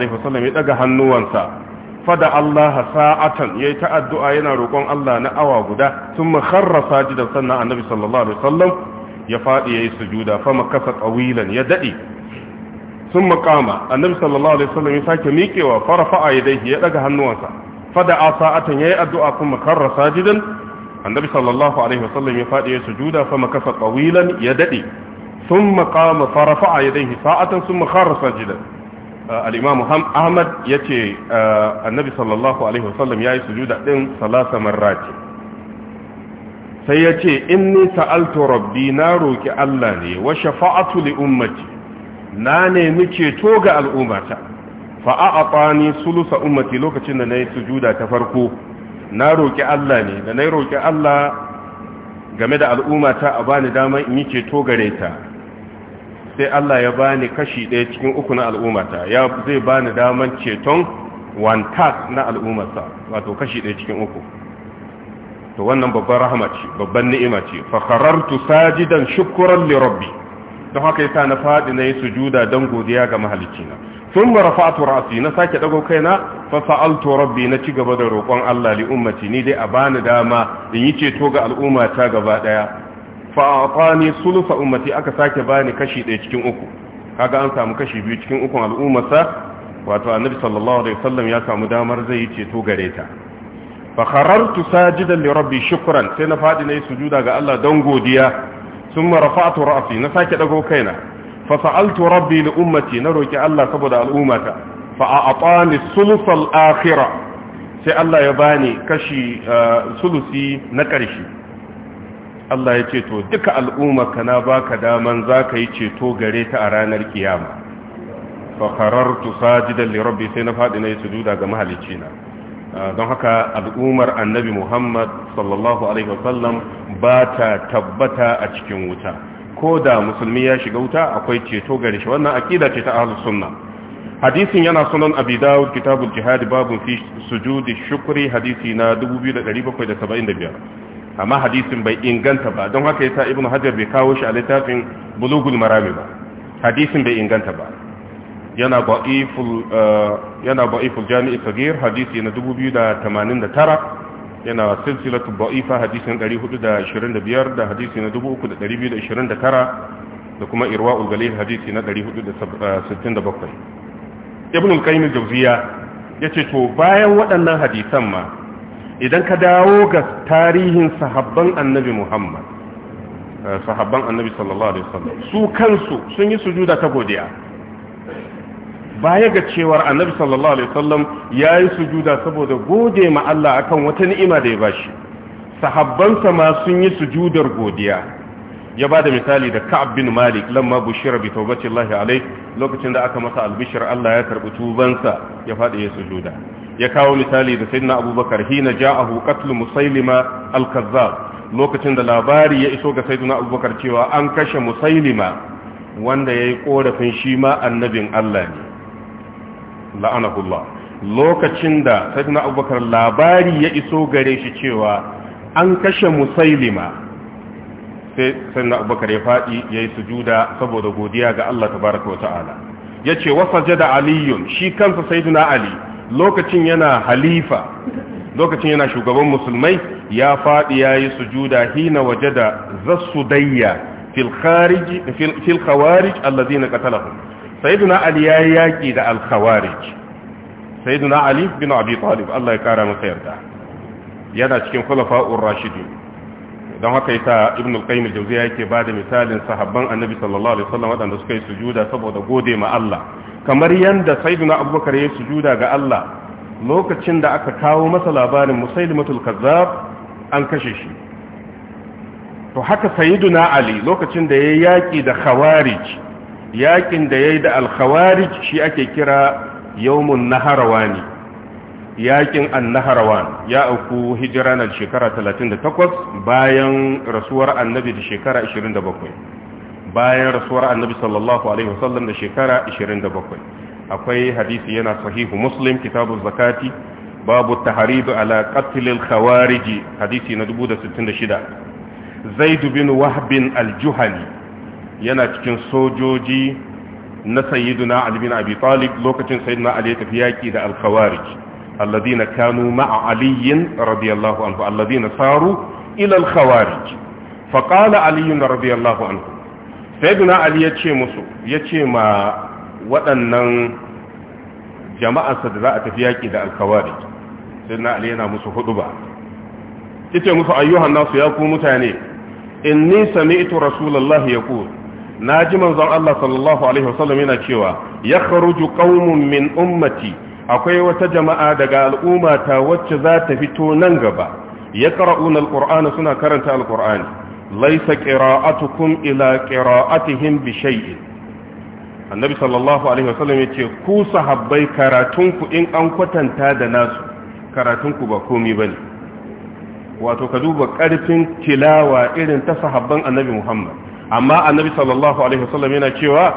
ya daga hannuwansa fada Allah sa'atan yayi ta addu'a yana roƙon Allah na awa guda thumma kharra sajidan sannan annabi sallallahu alaihi wasallam ya fadi yayi sujuda fama kasa qawilan ya dade Sun qama annabi sallallahu alaihi wasallam ya sake miƙewa farafa'a yadayhi ya daga hannuwansa fada sa'atan yayi addu'a kuma kharra sajidan annabi sallallahu alaihi wasallam ya fadi yayi sujuda fama kasa qawilan ya dade thumma qama farfa'a yadayhi sa'atan sun kharra sajidan al Ahmad ya yace annabi sallallahu alaihi wasallam yayi sujuda ɗin salasa marrati sai yace in sa'altu rabbi na roƙi Allah ne wa shafa'atu li ummati na nemi ceto ga al'ummata a tsani sulusa ummati lokacin da na yi sujuda ta farko na roƙi Allah ne da nayi roƙi Allah game da al'ummata a bani dama in yi ceto gare ta sai Allah ya bani kashi ɗaya cikin uku na al'ummata ya zai bani daman ceton one third na al'ummarsa wato kashi ɗaya cikin uku to wannan babban rahama ce babban ni'ima ce fa kharartu sajidan shukran li rabbi don haka yasa na faɗi fadi yi sujuda don godiya ga mahalicina thumma rafa'tu ra'si na sake dago kaina fa sa'altu rabbi na cigaba da roƙon Allah li ummati ni dai a bani dama in yi ceto ga al'umma gaba ɗaya. fa'atani sulusa ummati aka sake bani kashi ɗaya cikin uku kaga an samu kashi biyu cikin ukun al'ummarsa wato annabi sallallahu alaihi wasallam ya samu damar zai yi ceto gare ta fa kharartu sajidan li rabbi shukran sai na fadi nayi sujuda ga Allah don godiya thumma rafa'tu ra'si na sake dago kaina fa sa'altu rabbi li ummati na roki Allah saboda al'ummata fa a'tani sulusal akhirah sai Allah ya bani kashi eh, sulusi na ƙarshe Allah ya ce to duka ka na baka daman za ka yi ceto gare ta a ranar kiyama fakarartu sajidan lirabbi sai na faɗi na yi sujuda ga na. Ah, don haka al'ummar annabi muhammad sallallahu alaihi wasallam ba ta tabbata a cikin wuta ko da musulmi ya shiga wuta akwai ceto gare shi wannan aƙida ce ta ahlus sunna hadisin yana sunan abi dawud kitabul jihad babun fi sujudi shukri hadisi na 2775 amma hadisin bai inganta ba don haka yasa ibnu hajar bai kawo shi a littafin bulugul marami ba hadisin bai inganta ba yana ba'iful eh, yana ba'iful jami'i sagir hadisi na 2089 yana silsilatu da'ifa hadisin 425 da hadisi na 3229 da kuma irwa'ul galil hadisi na 467 eh, ibnu al-qayyim al-jawziya yace to bayan waɗannan hadisan ma idan ka dawo ga tarihin sahabban annabi Muhammad eh, sahabban annabi sallallahu alaihi wasallam su kansu sun yi sujuda ta godiya baya ga cewar annabi sallallahu alaihi wasallam ya yi sujuda saboda gode ma Allah akan wata ni'ima da ya bashi sahabbansa ma sun yi sujudar godiya ya bada misali da Ka'ab bin Malik lamma bushira bi tawbati Allah alaihi lokacin da aka masa albishir Allah ya karbi tubansa ya faɗi ya sujuda ya kawo misali da sayyidina abubakar hina ja'ahu qatlu musailima al-kazzab lokacin da labari ya iso ga sayyidina abubakar cewa an kashe musailima wanda yayi korafin shi ma annabin Allah ne la'anahullah lokacin da sayyidina abubakar labari ya iso gare shi cewa an kashe musailima sai sayyidina abubakar ya fadi yayi sujuda saboda godiya ga Allah tabaaraka wa ta'ala yace wasajada aliyun shi kansa sayyidina ali lokacin yana halifa lokacin yana shugaban musulmai ya faɗi ya yi sujuda hina waje da dayya fil khawarij allazi na katalahun sayiduna ali ya yi yaƙi da alkhawarij sayiduna ali bin abi talib allah ya kara masa yarda yana cikin kulafa'ur rashidi don haka yasa ibn al-qayyim al-jawziya yake bada misalin sahabban annabi sallallahu alaihi wasallam wadanda suka yi sujuda saboda gode ma Allah kamar yanda sayyidina abubakar ya sujuda ga Allah lokacin da aka kawo masa labarin musailimatul kazzab an kashe shi to haka Saiduna ali lokacin da yayi yaki da khawarij yakin da yayi da al-khawarij shi ake kira yawmun ne. yakin annaharawan ya auku hijira na shekara 38 bayan rasuwar annabi da shekara 27 bayan rasuwar annabi sallallahu alaihi wasallam da shekara 27 akwai hadisi yana sahihu muslim kitabu zakati babu taharidu ala qatlil khawarij hadisi na 1066 zaid bin wahb bin al-juhani yana cikin sojoji na sayyiduna ali bin abi talib lokacin sayyiduna ali ya tafi yaki da al-khawarij alladhina kanu ma'a aliyin radiyallahu anhu alladhina saru ila al-khawarij fa qala radiyallahu anhu sayyiduna ali yace musu yace ma waɗannan jama'arsa da za a tafi yaki da al-khawarij sayyiduna ali yana musu huduba yace musu ayyuhan nasu ya ku mutane inni sami'tu rasulullahi yaqul naji manzon Allah sallallahu alaihi wasallam yana cewa yakhruju qaumun min ummati akwai wata jama'a daga al'umma ta wacce za ta fito nan gaba ya ƙara'una alƙur'ani suna karanta alƙur'ani laisa ƙira'atukum ila ƙira'atihim bi shay'in annabi sallallahu alaihi wasallam ya ce ku sahabbai karatunku in an kwatanta da nasu karatunku ba komi ba ne wato ka duba ƙarfin tilawa irin ta sahabban annabi muhammad amma annabi sallallahu alaihi wasallam yana cewa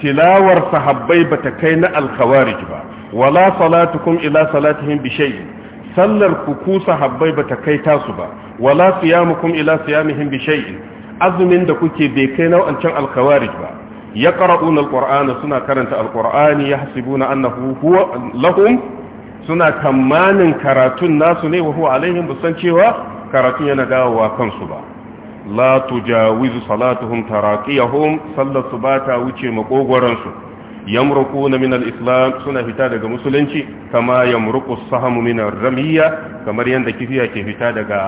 tilawar sahabbai bata kai na alkhawarij ba wala salatukum ila salatihim bi shay'in sallar ku ku sahabbai bata kai tasu ba wala siyamukum ila siyamihim bi shay'in azumin da kuke bai kai can alkhawarij ba yaqra'una alqur'ana suna karanta alqur'ani yahsibuna annahu huwa lahum suna tamanin karatun nasu ne wa huwa alaihim busan cewa karatun yana dawowa kansu ba la tujawizu salatuhum taraqiyahum sallatu bata wuce makogoran su yamruquna min al-islam suna fita daga musulunci kama yamruqu sahamu min ar-ramiyya kamar yadda kifiya ke fita daga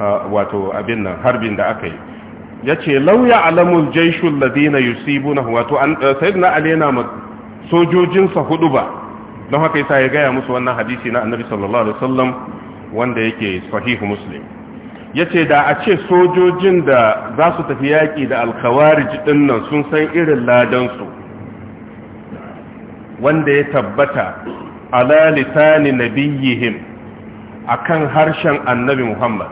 ah, wato abin nan harbin da aka yi yace law ya'lamu al-jayshu alladhina yusibuna wato eh, sayyidina na sojojin sa hudu ba don haka yasa ya gaya musu wannan hadisi na annabi sallallahu alaihi wasallam wanda yake sahihu muslim yace da a ce sojojin da za su tafi yaki da al-khawarij dinnan sun san irin ladan su wanda ya tabbata ala lisani nabiyihim akan harshen annabi Muhammad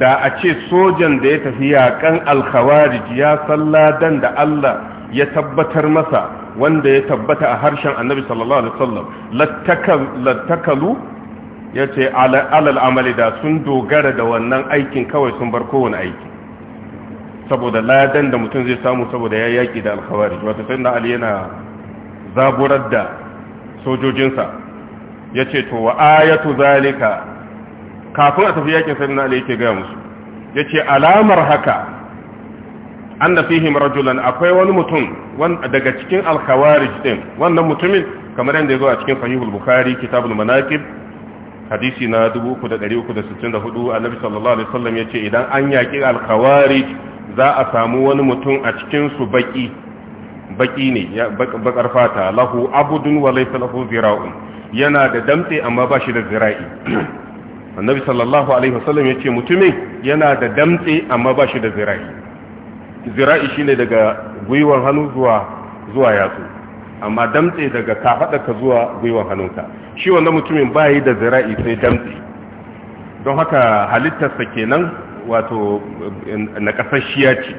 da a ce sojan da ya tafi yakan alkhawarij ya salladan da Allah ya tabbatar masa wanda ya tabbata a harshen annabi sallallahu alaihi wasallam lattakalu ya ce alal amali da sun dogara da wannan aikin kawai sun bar kowane aiki saboda ladan da mutum zai samu saboda ya yaki da alkhawarij wata sai na ali yana zaburar da sojojinsa ya ce to wa ayatu zalika kafin a tafi yakin sayyidina ali yake gaya musu ya ce alamar haka an da fihim rajulan akwai wani mutum daga cikin alkhawarij din wannan mutumin kamar yadda ya zo a cikin sahihul bukhari kitabul manaqib hadisi na 3364 annabi sallallahu alaihi wasallam yace idan an yaki alkhawarij za a samu wani mutum a cikin su baki baki ne bakar fata lahu abudun wa laysa lahu zira'un yana da damtse amma ba shi da zira'i annabi sallallahu alaihi wasallam ce mutumin yana da damtse amma ba shi da zira'i zira'i shine daga gwiwar hannu zuwa zuwa yatsu amma damtse daga ka zuwa gwiwar hannunka shi wannan mutumin ba yi da zira'i sai damtse don haka halittarsa kenan wato eh, nakasashiya ce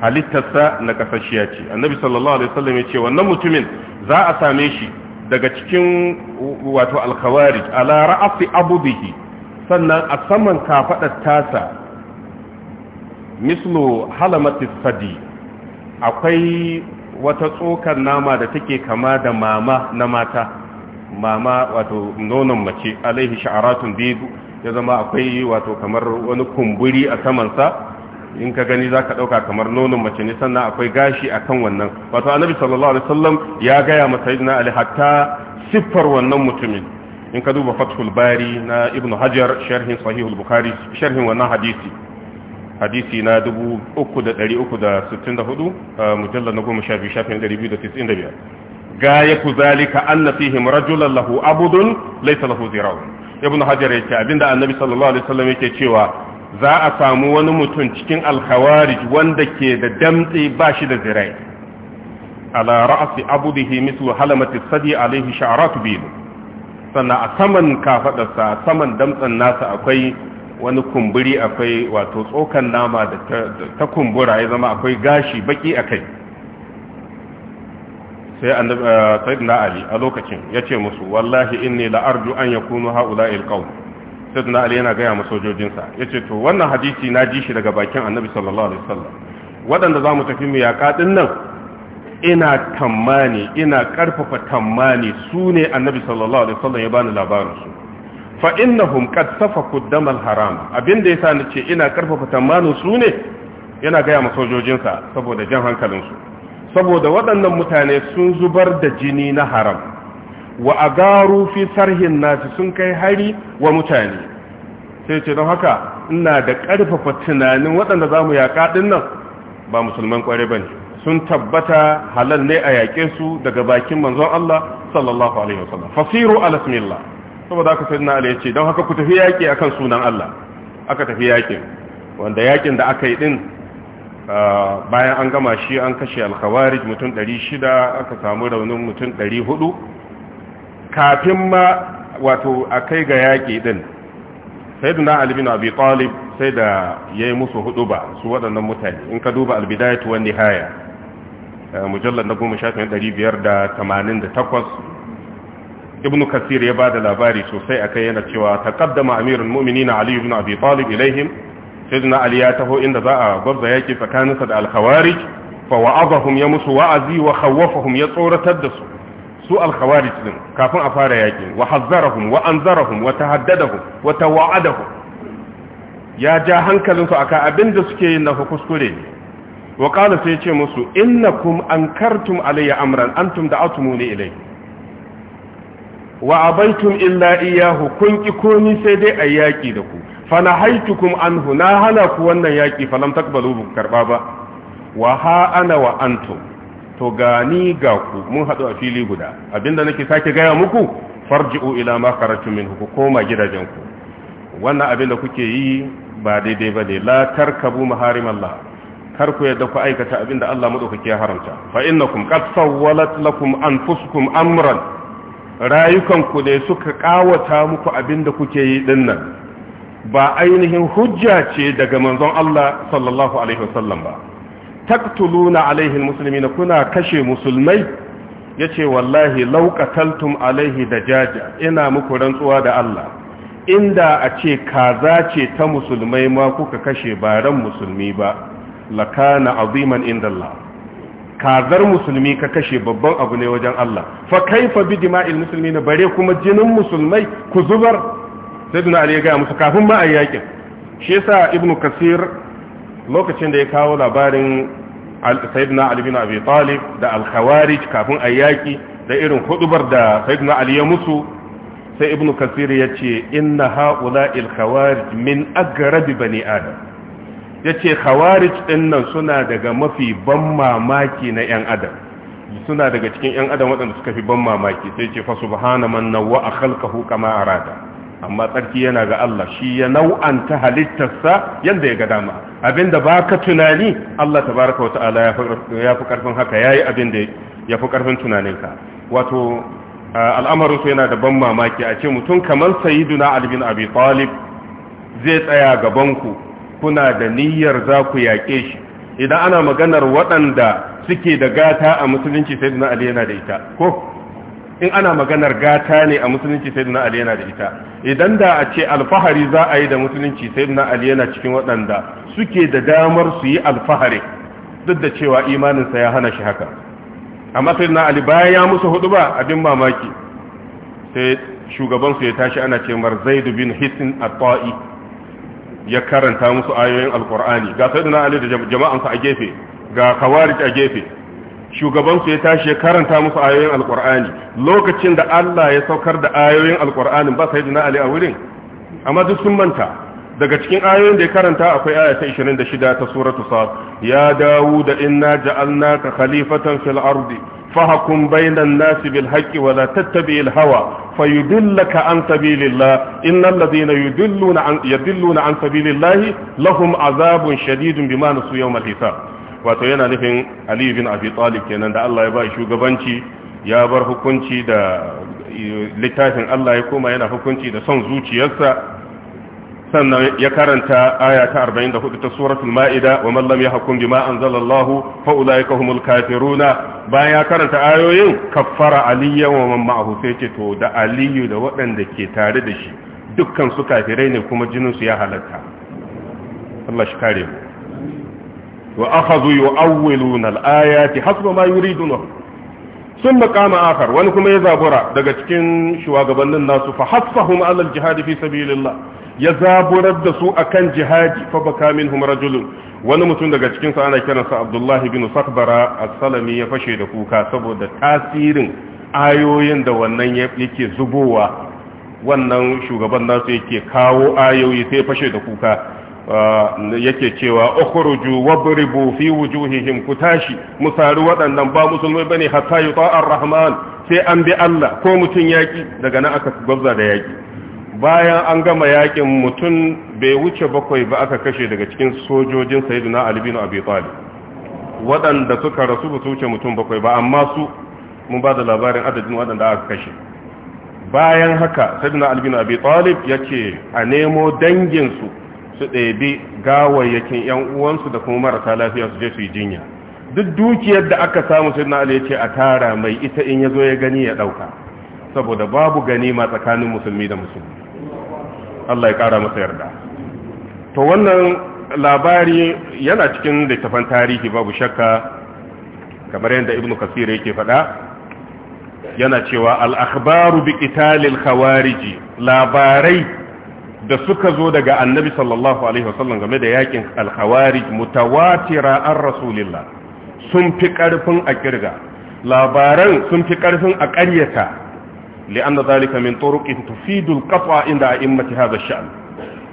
halittarsa na kasashiya ce annabi sallallahu alaihi wasallam ya ce wannan mutumin za a same shi daga cikin wato alkhawarij ala ra'si abudihi sannan a saman kafadar tasa mislu halamatis sadi akwai wata tsokar nama da take kama da mama na mata mama wato nonon mace alaihi sha'aratun biyu ya zama akwai wato kamar wani kumburi a samansa in ka gani zaka dauka kamar nonon mace ne sannan akwai gashi akan wannan wato annabi sallallahu alaihi wasallam ya gaya ma sayyidina ali hatta siffar wannan mutumin in ka duba fathul bari na ibn hajar sharhin sahihul bukhari sharhin wannan hadisi hadisi na 3364 mujallal na shafi shafin 295 ku zalika anna fihim rajulan lahu abudun laysa lahu zira'un ibn hajar ya ce abinda annabi sallallahu alaihi wasallam yake cewa za a samu wani mutum cikin alkhawarij wanda ke da damtse ba shi da zirai ala ra'asi abudihi mislu halamati sadi alaihi sha'ratu bil sannan a saman kafadarsa saman damtsan nasa akwai wani kumburi akwai wato tsokan nama da ta kumbura ya zama akwai gashi baki akai sai annabi eh, sayyidina ali a lokacin yace musu wallahi inni la'arju arju an yakunu ha'ula'il qaum sai ali yana gaya ma sojojinsa ya ce to wannan hadisi na ji shi daga bakin annabi sallallahu alaihi wasallam waɗanda za mu tafi mu yaƙa nan ina tammani ina karfafa tammani su ne annabi sallallahu alaihi wasallam ya bani labarinsu fa innahum qad safaku damal haram abinda yasa nace ina karfafa tammani sune yana gaya ma sojojinsa saboda jan hankalinsu saboda waɗannan mutane sun zubar da jini na haram wa agaru fi sarhin nasi sun kai hari wa mutane sai ce don haka ina da ƙarfafa tunanin waɗanda za mu yaƙa ɗinnan ba musulman ƙware ba ne sun tabbata halal ne a yaƙe su daga bakin manzon Allah sallallahu alaihi wasallam fasiru ala smillah saboda haka sai na ya ce don haka ku tafi yaƙi akan sunan Allah aka tafi yaƙin wanda yaƙin da aka yi ɗin bayan an gama shi an kashe alkhawarij mutum 600 aka samu raunin mutum 400 kafin ma wato a kai ga yaƙi ɗin sai duna albin abi talib sai da ya yi musu hudu ba su waɗannan mutane in ka duba albidayatu wani haya eh, mujallar na goma shafin ɗari biyar da tamanin da takwas ibn kasir ya ba da labari sosai a kai yana cewa ta kaddama amirin mu'minina na ibn abi talib ilaihim sai duna ali ya taho inda za a gwabza yaƙi tsakaninsa da alkhawarij fa wa'azahum ya musu wa'azi wa khawwafahum ya tsoratar da su su al din kafin a fara yaki wa hazzarahum wa anzarahum wa tahaddadahum wa tawa'adahum ya ja hankalinsu akan abinda suke yin na kuskure ne wa qala sai ce musu innakum ankartum alayya amran antum da'atumuni ilayhi wa abaitum illa iyyahu kun ki komi sai dai a yaki da ku fa nahaitukum anhu na hana ku wannan yaki falam takbalu karba ba wa ha ana wa antum to gani ga ku mun haɗu a fili guda abinda nake sake gaya muku farji'u ila ma karatu min ku koma ku wannan abin da kuke yi ba daidai ba ne la tarkabu maharim Allah kar ku yadda ku aikata abin da Allah madaukake ya haramta fa innakum qad sawwalat lakum anfusukum amran rayukanku ne suka kawata muku abinda kuke yi dinnan ba ainihin hujja ce daga manzon Allah sallallahu alaihi wasallam ba taktuluna alaihi musulmina kuna kashe musulmai yace wallahi lauqataltum alaihi dajaja ina muku rantsuwa da Allah inda a ce kaza ce ta musulmai ma kuka kashe baran musulmi ba lakana aziman indallah kazar musulmi ka kashe babban abu ne wajen Allah fa kaifa bi dima'il muslimina bare kuma jinin musulmai ku zubar sayyidina ali ya ga musu kafin ma ayyakin shi yasa ibnu kasir lokacin da ya kawo labarin sayyidina ali bin abi talib da al-khawarij kafin ayyaki da irin hudubar da sayyidina ali ya musu sai ibnu kasir ya ce inna haula al-khawarij min aqrab bani adam yace khawarij dinnan suna daga mafi ban mamaki na yan adam suna daga cikin yan adam waɗanda suka fi ban mamaki sai ce fa subhana man nawwa khalqahu kama arada amma tsarki yana ga Allah shi ya nau'anta halittarsa yadda ya ga dama abinda ba ka tunani Allah ta baraka wa ta'ala ya fi karfin haka ya yi abinda ya fi karfin tunaninka wato al'amarin su yana da ban mamaki a ce mutum kamar sayiduna albin abi talib zai tsaya gaban ku, kuna da niyyar za ku yaƙe shi idan ana maganar waɗanda suke da gata a musulunci sayiduna ali yana da ita ko in ana maganar gata ne a musulunci sai duna ali yana da ita idan da a ce alfahari za a yi da musulunci sai duna ali yana cikin waɗanda suke da damar su yi alfahari duk da cewa imaninsa ya hana shi haka amma sai duna ali bayan ya musu hudu ba abin mamaki sai shugabansu ya tashi ana ce mar zaidu bin hisin at-ta'i ya karanta musu ayoyin alqur'ani ga sai duna ali da jama'ansa a gefe ga khawarij a gefe shugabansu ya tashi ya karanta musu ayoyin alkur'ani lokacin da Allah ya saukar da ayoyin alkur'anin ba sai dina ali a wurin amma duk sun manta daga cikin ayoyin da ya karanta akwai aya ta 26 ta suratu sad ya dawud inna ja'alnaka khalifatan fil ardi fahkum bainan nas bil haqqi wa la tattabi' hawa fayudillaka an sabilillah innal ladhina yudilluna an yadilluna an sabilillah lahum azabun shadidun bima nasu yawm hisab wato yana nufin Aliyu bin Abi Talib kenan da Allah ya ba shugabanci ya bar hukunci da e, littafin Allah ya koma yana hukunci da son zuciyarsa sannan ya karanta aya ta 44 ta suratul ma'ida wa man lam yahkum bima anzalallahu fa ulaika humul kafiruna bayan ya karanta ayoyin kaffara aliyan wa man ma'ahu sai ce to da aliyu da waɗanda ke tare da shi dukkan su kafirai ne kuma jinin su ya halatta Allah shi kare mu wa akhadhu yu'awwiluna al-ayati hasba ma yuriduna sun makama akar wani kuma ya zabura daga cikin shugabannin nasu fa hasfahum ala al-jihad fi sabilillah ya zaburar da su akan jihadi fa baka minhum rajulun wani mutum daga cikin su ana kiransa abdullahi ibn Sakbara a salami ya fashe da kuka saboda tasirin ayoyin da wannan yake zubowa wannan shugaban nasu yake kawo ayoyi sai fashe da kuka yake cewa ukhruju wadribu fi wujuhihim kutashi tashi wadannan waɗannan ba musulmai bane hatta yuta ar-rahman sai an bi Allah ko mutun yaki daga nan aka gwabza da yaki bayan an gama yakin mutun bai wuce bakwai ba aka kashe daga cikin sojojin sayyidina Ali bin Abi Talib waɗanda suka rasu ba su wuce mutum bakwai ba amma su mun ba da labarin adadin waɗanda aka kashe bayan haka sayyidina Ali bin Abi Talib yake a nemo dangin su su ɗebi gawayyakin ‘yan uwansu da kuma marasa lafiya su je su yi jinya duk dukiyar da aka samu sai na ce a tara mai ita in ya zo ya gani ya ɗauka saboda babu gani ma tsakanin musulmi da musulmi Allah ya ƙara masa yarda to wannan labari yana cikin littafan tarihi babu shakka kamar yadda ibn kasir yake faɗa yana cewa al-akhbaru bi qitalil khawarij labarai da suka zo daga annabi sallallahu alaihi wasallam game da yakin alkhawari mutawatira an rasulillah sun fi karfin a kirga labaran sun fi karfin a ƙaryata li'anna zalika min turuqin tufidu alqat'a inda a'immati hadha ash-sha'n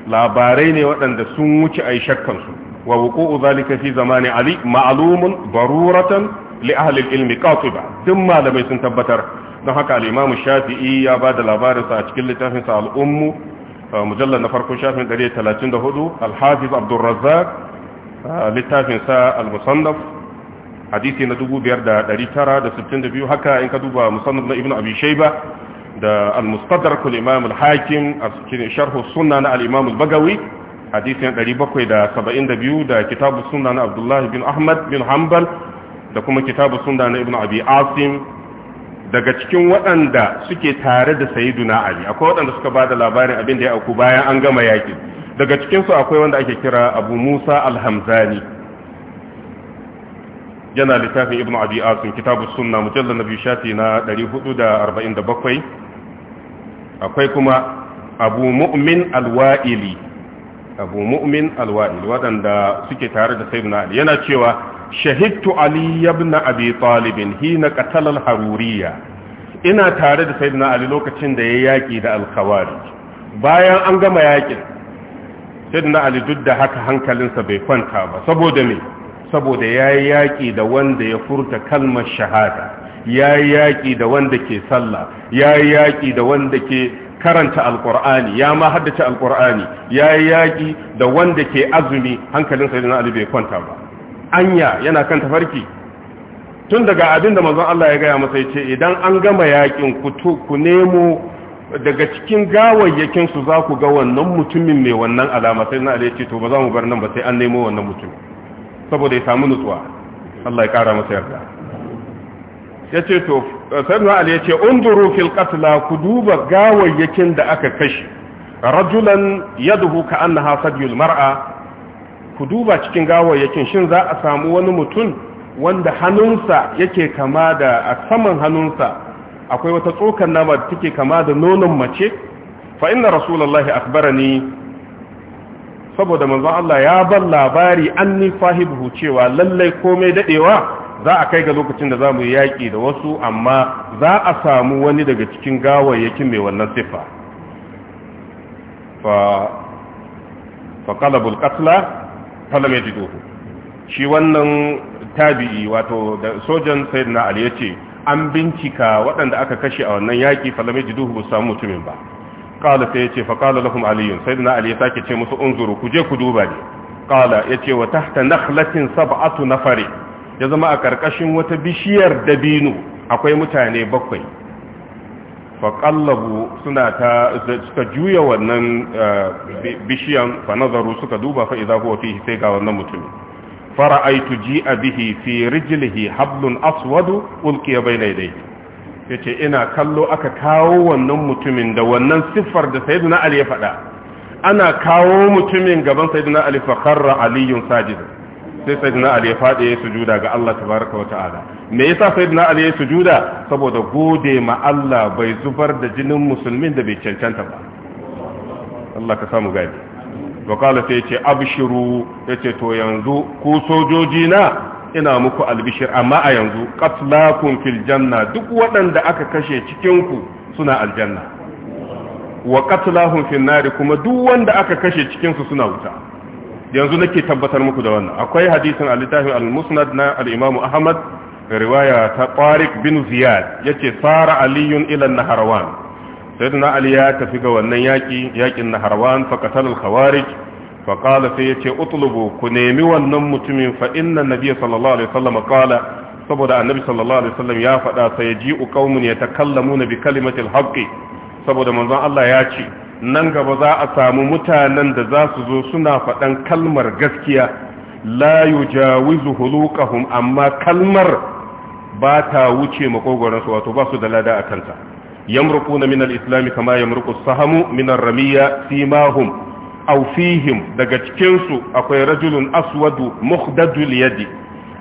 labarai ne waɗanda sun wuce ai shakkan su wa wuqu'u zalika fi zamani ali ma'lumun daruratan li ahli al-ilmi qatiba duk malamai sun tabbatar don haka al-imam shafi'i ya ba da labarinsa a cikin littafinsa al-ummu mujallar na farko shafin 134 alhafiz abdurrazzak littafin sa al-musannaf hadisi na 5962 haka in ka duba musannaf na ibnu abi shayba da al-mustadrak al hakim a cikin sharh na al bagawi hadisi na 772 da kitabu sunna na abdullah bin ahmad bin hanbal da kuma kitabu sunna na ibnu abi daga cikin waɗanda suke tare da sayyiduna ali akwai waɗanda suka ba da labarin abin da ya auku bayan an gama yakin daga cikinsu su akwai wanda ake kira Abu Musa al yana littafin Ibn Abi Asim Kitabus Sunna mujallal biyu Shafi na 447 akwai kuma Abu Mu'min al-Wa'ili Abu Mu'min al-Wa'ili suke tare da Sayyidina Ali yana cewa shahidtu ali ibn abi talib hina qatala al-haruriyya ina tare da sayyidina ali lokacin da ya yaki da al-khawarij bayan an gama yakin sayyidina ali duk da haka hankalinsa bai kwanta ba saboda me saboda yayi yaki da wanda ya furta kalmar shahada yayi yaki da wanda ke sallah yayi yaki da wanda ke karanta alqur'ani ya ma haddace alqur'ani ya yi da wanda ke azumi hankalin sayyidina ali bai kwanta ba anya yana kan tafarki tun daga abinda manzon Allah ya gaya masa yace idan an gama yakin ku ku nemo daga cikin gawayyakin su za ku ga wannan mutumin mai wannan alama sai na Allah yace to ba za mu bar nan ba sai an nemo wannan mutumin saboda ya samu nutsuwa Allah ya kara masa yarda yace to sayyidina Ali yace unduru fil qatla ku duba gawayyakin da aka kashi rajulan yadhu ka annaha sadyul mar'a ku duba cikin gawayyakin shin za a samu wani mutum wanda hannunsa yake kama da a saman hannunsa akwai wata tsokar nama da take kama da nonon mace fa inna rasulullahi akbarani saboda manzon Allah ya ban labari anni fahibu cewa lallai komai dadewa za a kai ga lokacin da zamu yaki da wasu amma za a samu wani daga cikin gawayyakin mai wannan sifa fa fa qalabul qatla falam duhu shi wannan tabi'i wato da sojan sayyidina ali yace an bincika waɗanda aka kashe a wannan yaki falam yajiduhu ba samu mutumin ba qala sai yace fa qala lahum ali sayyidina ali ya sake ce musu unzuru ku je ku duba ne qala yace wa tahta nakhlatin sab'atu nafari ya zama a karkashin wata bishiyar dabino akwai mutane bakwai faƙallabu suna ta suka juya wannan eh, bishiyan fa nazaru suka duba fa idza huwa fihi sai ga wannan mutumin fara'aitu ji'a bihi fi rijlihi hablun aswadu ulqiya bayna yadayhi yace ina kallo aka kawo wannan mutumin da wannan siffar da sayyiduna ali ya faɗa ana kawo mutumin gaban sayyiduna ali fa kharra aliyun sajid sai sayyidina ali ya fadi ya sujuda ga Allah tabaraka wa ta'ala me yasa sayyidina ali ya sujuda saboda gode ma Allah bai zubar da jinin musulmin da bai cancanta ba Allah ka samu gani wa qala sai yace abshiru yace to yanzu ku sojoji na ina muku albishir amma a yanzu qatlakum fil janna duk waɗanda aka kashe cikin ku suna aljanna wa qatlahum fil nar kuma duk wanda aka kashe cikin su suna wuta yanzu nake tabbatar muku da wannan akwai hadisin al-littafin al-musnad na al-imam ahmad riwaya ta tariq bin ziyad yace sara aliyun ila naharawan sayyidina ali ya tafi ga wannan yaki yakin naharawan fa kawarij al-khawarij fa qala sai yace utlubu ku nemi wannan mutumin fa inna nabiy sallallahu alaihi wasallam qala saboda annabi sallallahu alaihi wasallam ya faɗa sai qaumun yatakallamuna bi kalimatil haqqi saboda manzon Allah ya ce nan gaba za a samu mutanen da za su zo suna faɗan kalmar gaskiya la yujawizu huluqahum amma kalmar ba ta wuce makogoransu wato ba su da lada a kanta yamruquna min al-islam kama yamruqu sahamu min ramiya simahum aw daga cikinsu akwai rajulun aswadu muhdadul yadi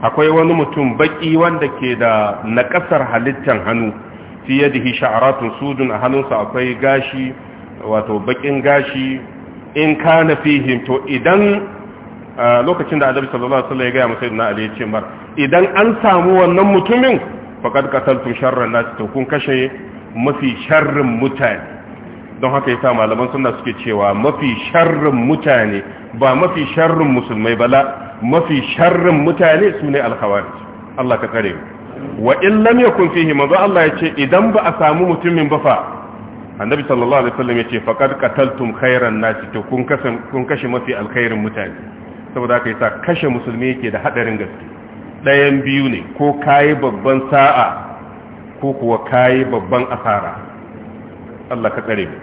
akwai wani mutum baki wanda ke da naƙasar halittan hannu fi yadihi sha'aratun sudun a hannunsa akwai gashi wato bakin gashi in kana fihim to idan lokacin da annabi sallallahu alaihi wasallam ya ga masa na ali ce mar idan an samu wannan mutumin faqad qataltum sharran nas to kun kashe mafi sharrin mutane don haka ya sa malaman sunna suke cewa mafi sharrin mutane ba mafi sharrin musulmai bala mafi sharrin mutane sune al-khawarij Allah ka kare wa in lam yakun fihi manzo Allah ya ce idan ba a samu mutumin ba fa annabi sallallahu alaihi wasallam yace faqad qataltum khairan nasi to kun kasan kun kashe mafi alkhairin mutane saboda haka yasa kashe musulmi yake da hadarin gaske dayan biyu ne ko kai babban sa'a ko kuwa kai babban asara Allah ka tsare mu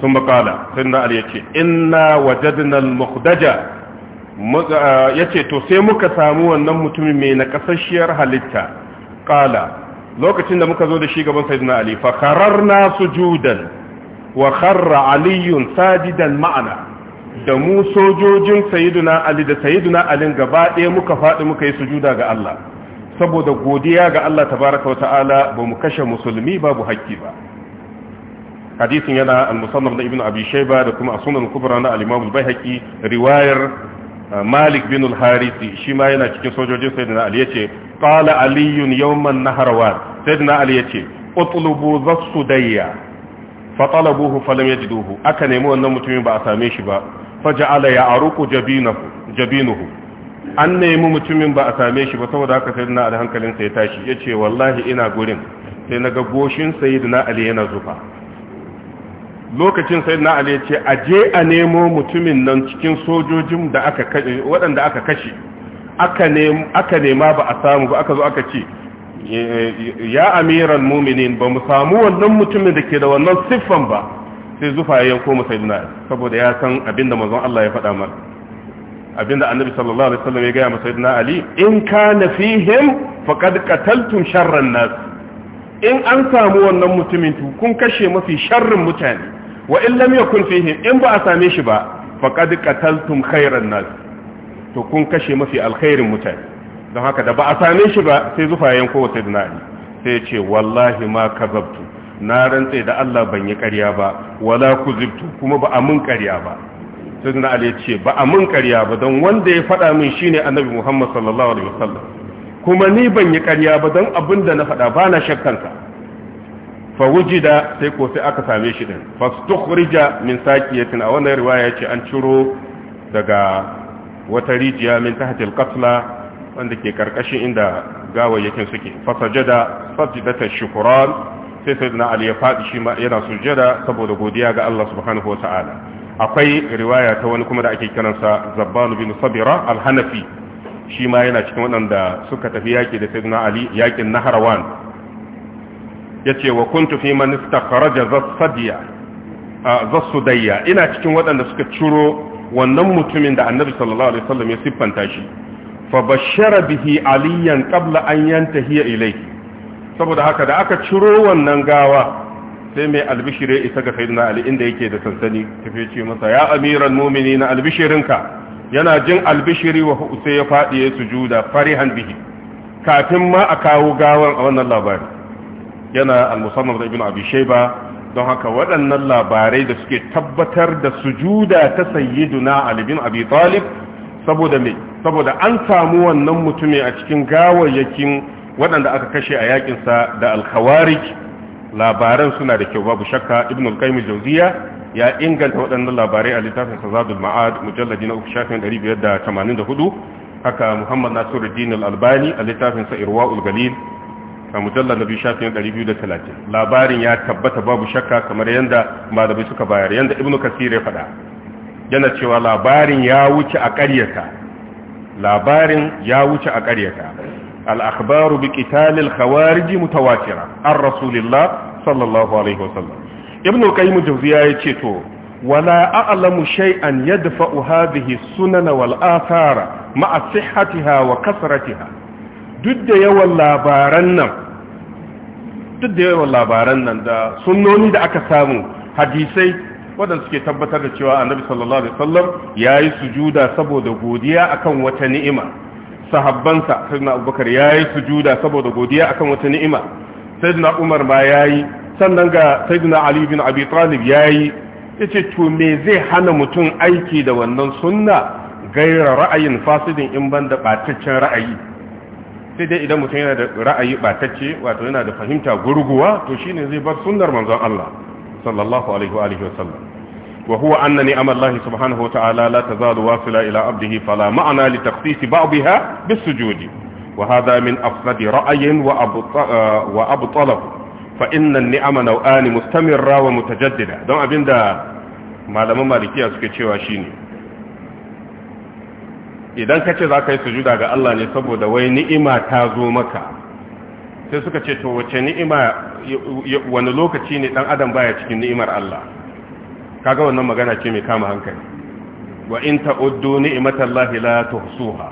sun bakala sunna al yace inna wajadna al mukhdaja yace to sai muka samu wannan mutumin mai nakasashiyar halitta qala lokacin da muka zo da shi gaban sayyidina ali fa khararna sujudan wa kharra aliyun sajidan ma'ana da mu sojojin sayyidina ali da sayyidina ali gaba ɗaya muka faɗi muka yi sujuda ga Allah saboda godiya ga Allah baraka wa ta'ala ba mu kashe musulmi babu haƙƙi ba hadisin yana al-musannaf na ibnu abi shayba da kuma as-sunan kubra na al-imam al riwayar malik bin al-harisi shi ma yana cikin sojojin sayyidina ali yace qala aliyun yawman naharwan sayyidina ali yace utlubu zasudayya fa lam yajiduhu aka nemi wannan mutumin ba a same shi ba faja'ala ya'ruqu jabinahu jabinuhu an nemi mutumin ba a same shi ba saboda haka sayyidina ali hankalinsa ya tashi yace wallahi ina gurin sai naga goshin sayyidina ali yana zufa lokacin sai na ya ce a je a nemo mutumin nan cikin sojojin da aka waɗanda aka kashe aka nema ba a samu ba aka zo aka ce ya amiran muminin ba mu samu wannan mutumin da ke da wannan siffan ba sai zufa ya yanko musaidina saboda ya san abinda manzon Allah ya faɗa mar abinda annabi sallallahu alaihi wasallam ya ga musaidina ali in kana fihim faqad qataltum sharran nas in an samu wannan mutumin to kun kashe mafi sharrin mutane wa in lam yakun fihi in ba a same shi ba faqad qataltum khairan nas to kun kashe mafi alkhairin mutane don haka da ba a same shi ba sai zufayen ko sai dana ali sai ce wallahi ma kazabtu na rantse da Allah ban yi ƙarya ba wala kuzibtu kuma ba a mun ƙarya ba sai dana ali ce ba a mun ƙarya ba don wanda ya faɗa min shine annabi Muhammad sallallahu alaihi wasallam kuma ni ban yi ƙarya ba don abinda na faɗa ba na shakkansa fa wujida sai ko sai aka same shi din fastukhrija min saqiyatin a wannan riwaya ce an ciro daga wata rijiya min tahtil qatla ke karkashin inda gawayyakin suke fasajada sajidatan shukran sai sayyidina ali ya faɗi shi yana sujada saboda godiya ga Allah subhanahu wataala akwai riwaya ta wani kuma da ake kiran sa, bin sabira al-hanafi shi ma yana cikin waɗanda suka tafi yaƙi da sayyidina ali yaƙin naharawan ya ce wa kuntu fi man istakhraja zasadiya zasudayya ina cikin waɗanda suka ciro wannan mutumin da annabi sallallahu alaihi wasallam ya siffanta shi fa bashara bihi aliyan qabla an yantahiya ilayhi saboda haka da aka ciro wannan gawa sai mai albishire isa ga sayyidina ali inda yake da sansani tafi ce masa ya amiran mu'minina albishirinka yana jin albishiri wa sai ya fadi ya sujuda farihan bihi kafin ma a kawo gawan a wannan labari yana al-musannaf da ibn abi shayba don haka waɗannan labarai da suke tabbatar da sujuda ta sayyiduna ali bin abi talib saboda me saboda an samu wannan mutumin a cikin gawayyakin waɗanda aka kashe a yakin sa da al-khawarij labaran suna da kyau babu shakka ibn al-qayyim jawziya ya inganta waɗannan labarai a littafin zadul ma'ad mujalladi na 3584 haka muhammad nasiruddin al-albani a littafin sa irwaul galil a mujallar na biyu shafin talatin labarin ya tabbata babu shakka kamar yadda malamai suka bayar yadda ibnu kasir ya faɗa yana cewa labarin ya wuce a ƙaryata labarin ya wuce a ƙaryata al-akhbaru bi qitalil khawarij mutawatira ar rasulillah sallallahu alaihi sallam ibnu qayyim jawziya yace to wala a'lamu shay'an yadfa'u hadhihi sunana wal athara ma'a sihhatiha wa kasratiha duk da yawan labaran nan duk da yawan labaran nan da sunnoni da aka samu hadisai waɗanda suke tabbatar da cewa annabi sallallahu alaihi wasallam yayi sujuda saboda godiya akan wata ni'ima sahabbansa sayyidina abubakar yayi sujuda saboda godiya akan wata ni'ima sayyidina umar ma yayi sannan ga sayyidina ali bin abi talib yayi yace to me zai hana mutum aiki da wannan sunna gaira ra'ayin fasidin in banda bataccen ra'ayi sai dai idan mutum yana da ra'ayi batacce wato yana da fahimta gurguwa to shine zai bar sunnar manzon Allah sallallahu alaihi wa alihi wasallam wa huwa anna ni'am lahi subhanahu wa ta'ala la tazalu wasila ila abdihi fala ma'ana li takhsis ba'dha bis sujud wa hadha min afsad ra'yin wa wa abtalahu fa inna an-ni'ama naw'an mustamirra wa mutajaddida don abinda malaman malikiya suke cewa shine idan ka ce za ka yi sujuda ga Allah ne saboda wai ni'ima ta zo maka sai suka ce to wace ni'ima wani lokaci ne dan adam baya cikin ni'imar Allah kaga wannan magana ce mai kama hankali wa in ta'uddu ni'matallahi la tuhsuha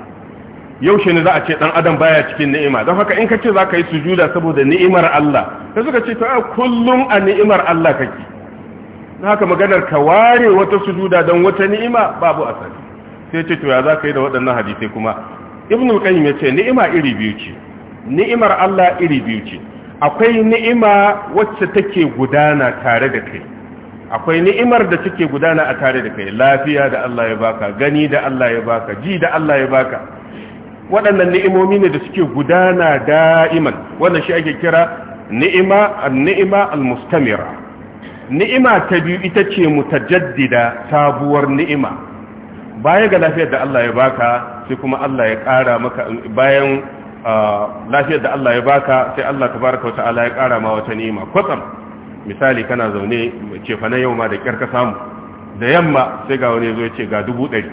shi ne za a ce dan adam baya cikin ni'ima don haka in ka ce za ka yi sujuda saboda ni'imar Allah sai suka ce to kullum a ni'imar Allah kake don haka maganar ka ware wata sujuda don wata ni'ima babu asali sai ce to ya za ka yi da waɗannan hadisai kuma ibn al-qayyim yace ni'ima iri biyu ce ni'imar Allah iri biyu ce akwai ni'ima wacce take gudana tare da kai akwai ni'imar da take gudana a tare da kai lafiya da Allah ya baka gani da Allah ya baka ji da Allah ya baka waɗannan ni'imomi ne da suke gudana da'iman wannan shi ake kira ni'ima an-ni'ima al-mustamira ni'ima ta biyu ita ce mutajaddida sabuwar ni'ima baya ga lafiyar da Allah ya baka sai kuma Allah ya ƙara maka bayan lafiyar da Allah ya baka sai Allah tabaraka wa ta'ala ya ƙara ma wata ni'ima kwatsam misali kana zaune ce fa na yau ma da kyar ka samu da yamma sai ga wani zo ya ce ga dubu ɗari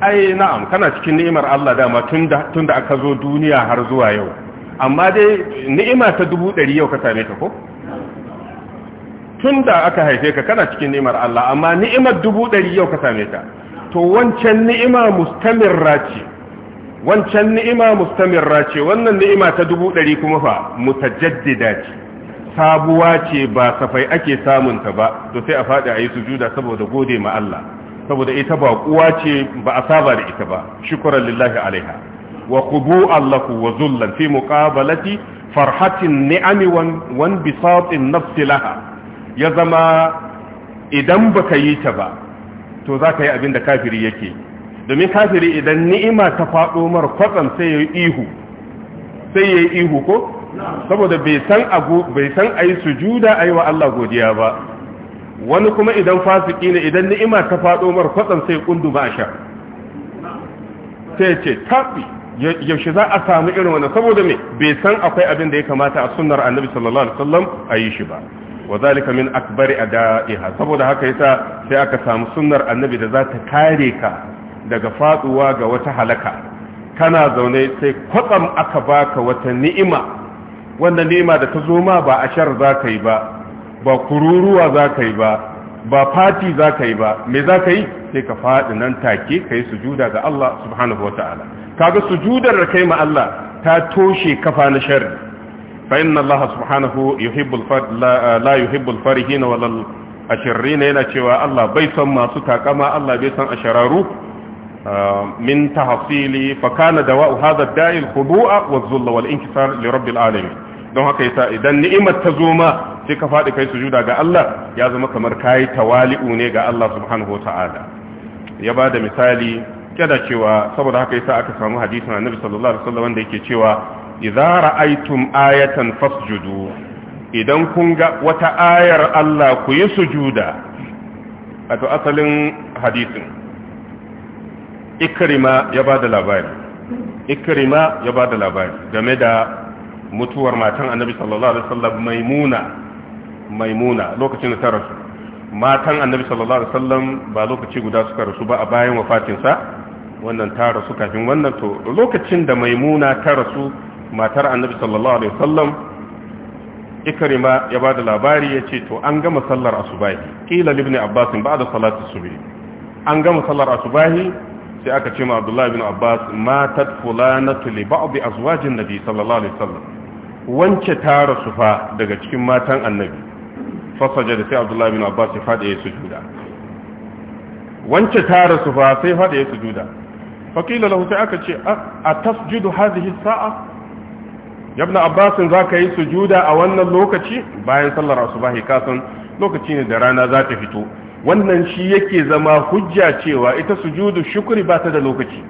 ai na'am kana cikin ni'imar Allah dama tunda tunda aka zo duniya har zuwa yau amma dai ni'ima ta dubu ɗari yau ka same ta ko tun da aka haife ka kana cikin ni'imar Allah amma ni'imar dubu ɗari yau ka same ta to wancan ni'ima mustamirra ce wancan ni'ima mustamirra ce wannan ni'ima ta dubu ɗari kuma fa mutajaddida ce sabuwa ce ba safai ake samun ta ba to sai a faɗi a yi sujuda saboda gode ma Allah saboda ita ba kuwa ce ba a saba da ita ba shukran lillahi alaiha wa qubu allahu wa zullan fi muqabalati farhatin ni'ami wan bisatin nafsi laha ya zama idan baka yi ta ba to za ka yi abin da kafiri yake domin kafiri idan ni'ima ta faɗo mar kwatsam sai ya yi ihu sai ya yi ihu ko saboda bai san a yi san ayi a yi wa Allah godiya ba wani kuma idan fasiki ne idan ni'ima ta faɗo mar kwatsam sai kundu ba sha sai ce tafi yaushe za a samu irin wani saboda me bai san akwai abin da ya kamata a sunnar annabi sallallahu alaihi wasallam yi shi ba wa zalika min akbari adaiha saboda haka yasa sai aka samu sunnar annabi da za ta kare ka daga faduwa ga wata halaka kana zaune sai kwatsam aka baka wata ni'ima wannan ni'ima da ta zo ma ba ashar za ka yi ba ba kururuwa za ka yi ba ba fati za ka yi ba me za ka yi sai ka faɗi nan take ka yi sujuda ga Allah subhanahu kaga sujudar da kai ma Allah ta toshe kafa na sharri fa inna Allah subhanahu yuhibbul fadla la yuhibbul farihin wal ashirin yana cewa Allah bai san masu takama Allah bai san ashararu min tahsili fa kana dawa'u hadha ad-da'i al-khudu'a waz inkisar li rabbil alamin don haka yasa idan ni'imar ta zoma ma sai ka faɗi kai sujuda ga Allah ya zama kamar kai tawali'u ne ga Allah subhanahu wata'ala ya ba da misali kyada cewa saboda haka yasa aka samu hadisin annabi sallallahu alaihi wasallam wanda yake cewa idza ra'aytum ayatan fasjudu idan kun ga wata ayar Allah ku yi sujuda wato asalin hadisin ikrima ya bada labari ikrima ya bada labari game da mutuwar matan annabi sallallahu alaihi wasallam maimuna maimuna lokacin da ta rasu matan annabi sallallahu alaihi wasallam ba lokaci guda suka rasu ba a bayan wafatinsa wannan ta rasu kafin wannan to lokacin da maimuna ta rasu matar annabi sallallahu alaihi wasallam ikrima ya bada labari yace to an gama sallar asubahi kila ibn abbas ba'da salati subhi an gama sallar asubahi sai aka ce ma abdullahi ibn abbas matat fulanatu li ba'd azwajin nabi sallallahu alaihi wasallam wance ta rasu fa daga cikin matan annabi fasaje da sai abdullahi ibn abbas ya fada ya sujuda wance ta rasu fa sai fada ya sujuda fakila lahu sai aka ce a tasjudu hadhihi sa'a yabna عباس za ka yi sujuda a wannan lokaci bayan sallar asubahi kasan lokaci ne da rana za ta fito wannan shi yake zama hujja cewa ita sujudu shukri ba ta da lokaci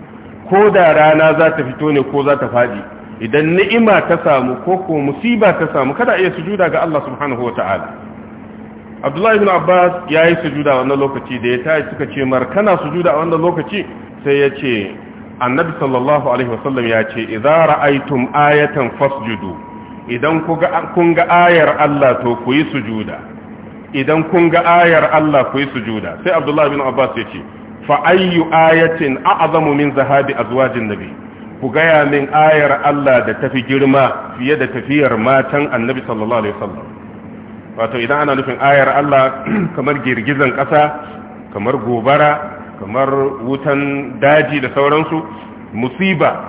ko da rana za ta fito ne ko za ta faɗi idan ni'ima ta samu ko ko musiba ta samu kada iya sujuda ga Allah subhanahu wa ta'ala Abdullah ibn Abbas ya yi sujuda a wannan lokaci da ya tashi suka ce mar kana sujuda a wannan lokaci sai ya ce annabi sallallahu alaihi wasallam ya ce idza ra'aytum ayatan fasjudu idan kun ga ayar Allah to ku yi sujuda idan kun ga ayar Allah ku yi sujuda sai abdullahi bin abbas ya ce fa ayyu ayatin a'zamu min zahabi azwajin nabi ku gaya min ayar Allah da tafi girma fiye da tafiyar matan annabi sallallahu alaihi wasallam wato idan ana nufin ayar Allah kamar girgizan ƙasa kamar gobara kamar wutan daji da sauransu musiba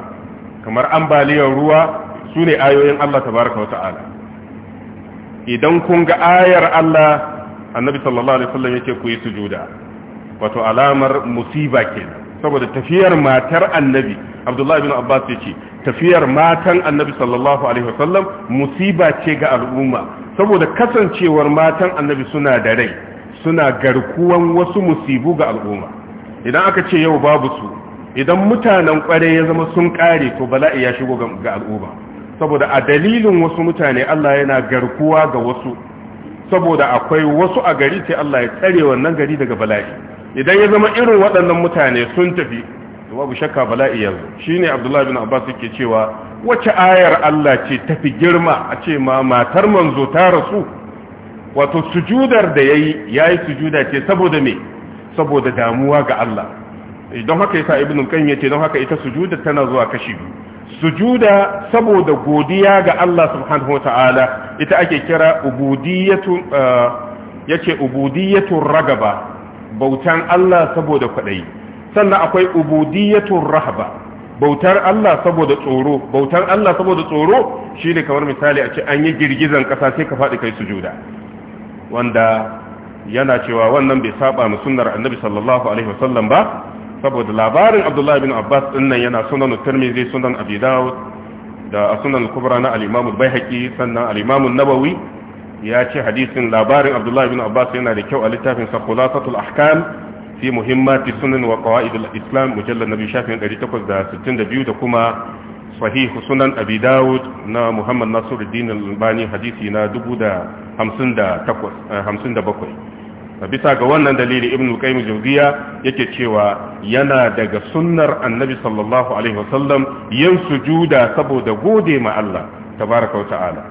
kamar ambaliyar ruwa su ne ayoyin Allah tabaraka wata'ala idan kun ga ayar Allah annabi sallallahu alaihi wasallam yake ku yi sujuda wato alamar musiba kenan saboda tafiyar matar annabi abdullahi bin abbas ya ce tafiyar matan annabi sallallahu alaihi wasallam musiba ce ga al'umma saboda kasancewar matan annabi suna da rai suna garkuwan wasu musibu ga al'umma idan aka ce yau babu su idan mutanen kware ya zama sun kare to bala'i ya shigo ga al'umma saboda a dalilin wasu mutane Allah yana garkuwa ga wasu saboda akwai wasu a gari sai Allah ya tsare wannan gari daga bala'i idan ya zama irin waɗannan mutane sun tafi to babu shakka bala'i yanzu shine Abdullah bin Abbas yake cewa wace ayar Allah ce tafi girma a ce ma matar manzo ta rasu wato sujudar da yayi yayi sujuda ce saboda me saboda damuwa ga Allah eh, don haka yasa ibnu kan yace don haka ita sujuda tana zuwa kashi biyu sujuda saboda godiya ga Allah subhanahu wataala ita ake kira ubudiyatu eh, yace ubudiyatu ragaba bautan Allah saboda kwadai sannan akwai ubudiyatu rahaba bautar Allah saboda tsoro bautar Allah saboda tsoro shine kamar misali a ce an yi girgizan kasa sai ka faɗi kai sujuda wanda yana cewa wannan bai saba mu sunnar annabi sallallahu alaihi wasallam ba saboda labarin abdullahi bin abbas dinnan yana sunan tirmidhi sunan abi dawud da sunan kubra na al-imam al-baihaqi sannan al-imam an-nawawi ya ce hadisin labarin abdullahi bin abbas yana da kyau a littafin sa khulasatul ahkam fi muhimmati sunan wa qawaid al-islam mujallad nabi shafin 862 da kuma sahihu sunan abi dawud na muhammad nasiruddin al-albani hadisi na 1057 eh, bisa ga wannan dalilin ibn al-qayyim jawziya yake cewa yana daga sunnar annabi sallallahu alaihi wasallam yin sujuda saboda gode ma Allah tabaraka wa ta'ala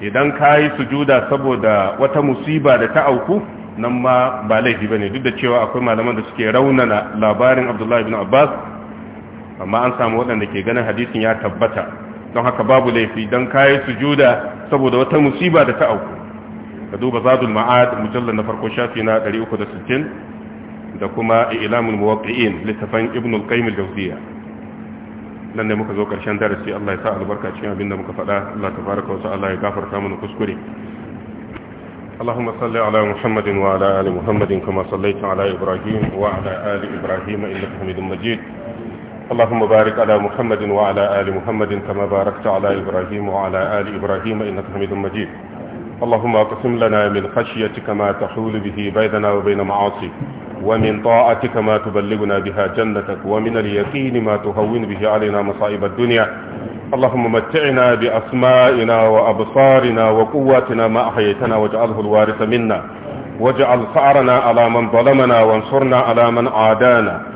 idan kai sujuda saboda wata musiba da ta auku nan ma ba laifi ba ne duk da cewa akwai malaman da suke raunana labarin abdullahi ibn abbas amma an samu waɗanda ke ganin hadisin ya tabbata don haka babu laifi don kayi sujuda saboda wata musiba da ta auku ka duba zadul ma'ad mujallar na farko shafi na 360 da kuma ilamul muwaqqi'in littafin ibn al-qayyim al-jawziyya nan ne muka zo karshen darasi Allah ya sa albarka cikin abin da muka faɗa Allah tabaraka wa ta'ala ya gafarta mana kuskure اللهم صل على محمد وعلى آل محمد كما صليت على إبراهيم وعلى آل إبراهيم إنك حميد مجيد اللهم بارك على محمد وعلى آل محمد كما باركت على إبراهيم وعلى آل إبراهيم إنك حميد مجيد اللهم اقسم لنا من خشيتك ما تحول به بيننا وبين معاصيك ومن طاعتك ما تبلغنا بها جنتك ومن اليقين ما تهون به علينا مصائب الدنيا اللهم متعنا بأسمائنا وأبصارنا وقواتنا ما أحييتنا واجعله الوارث منا واجعل ثأرنا على من ظلمنا وانصرنا على من عادانا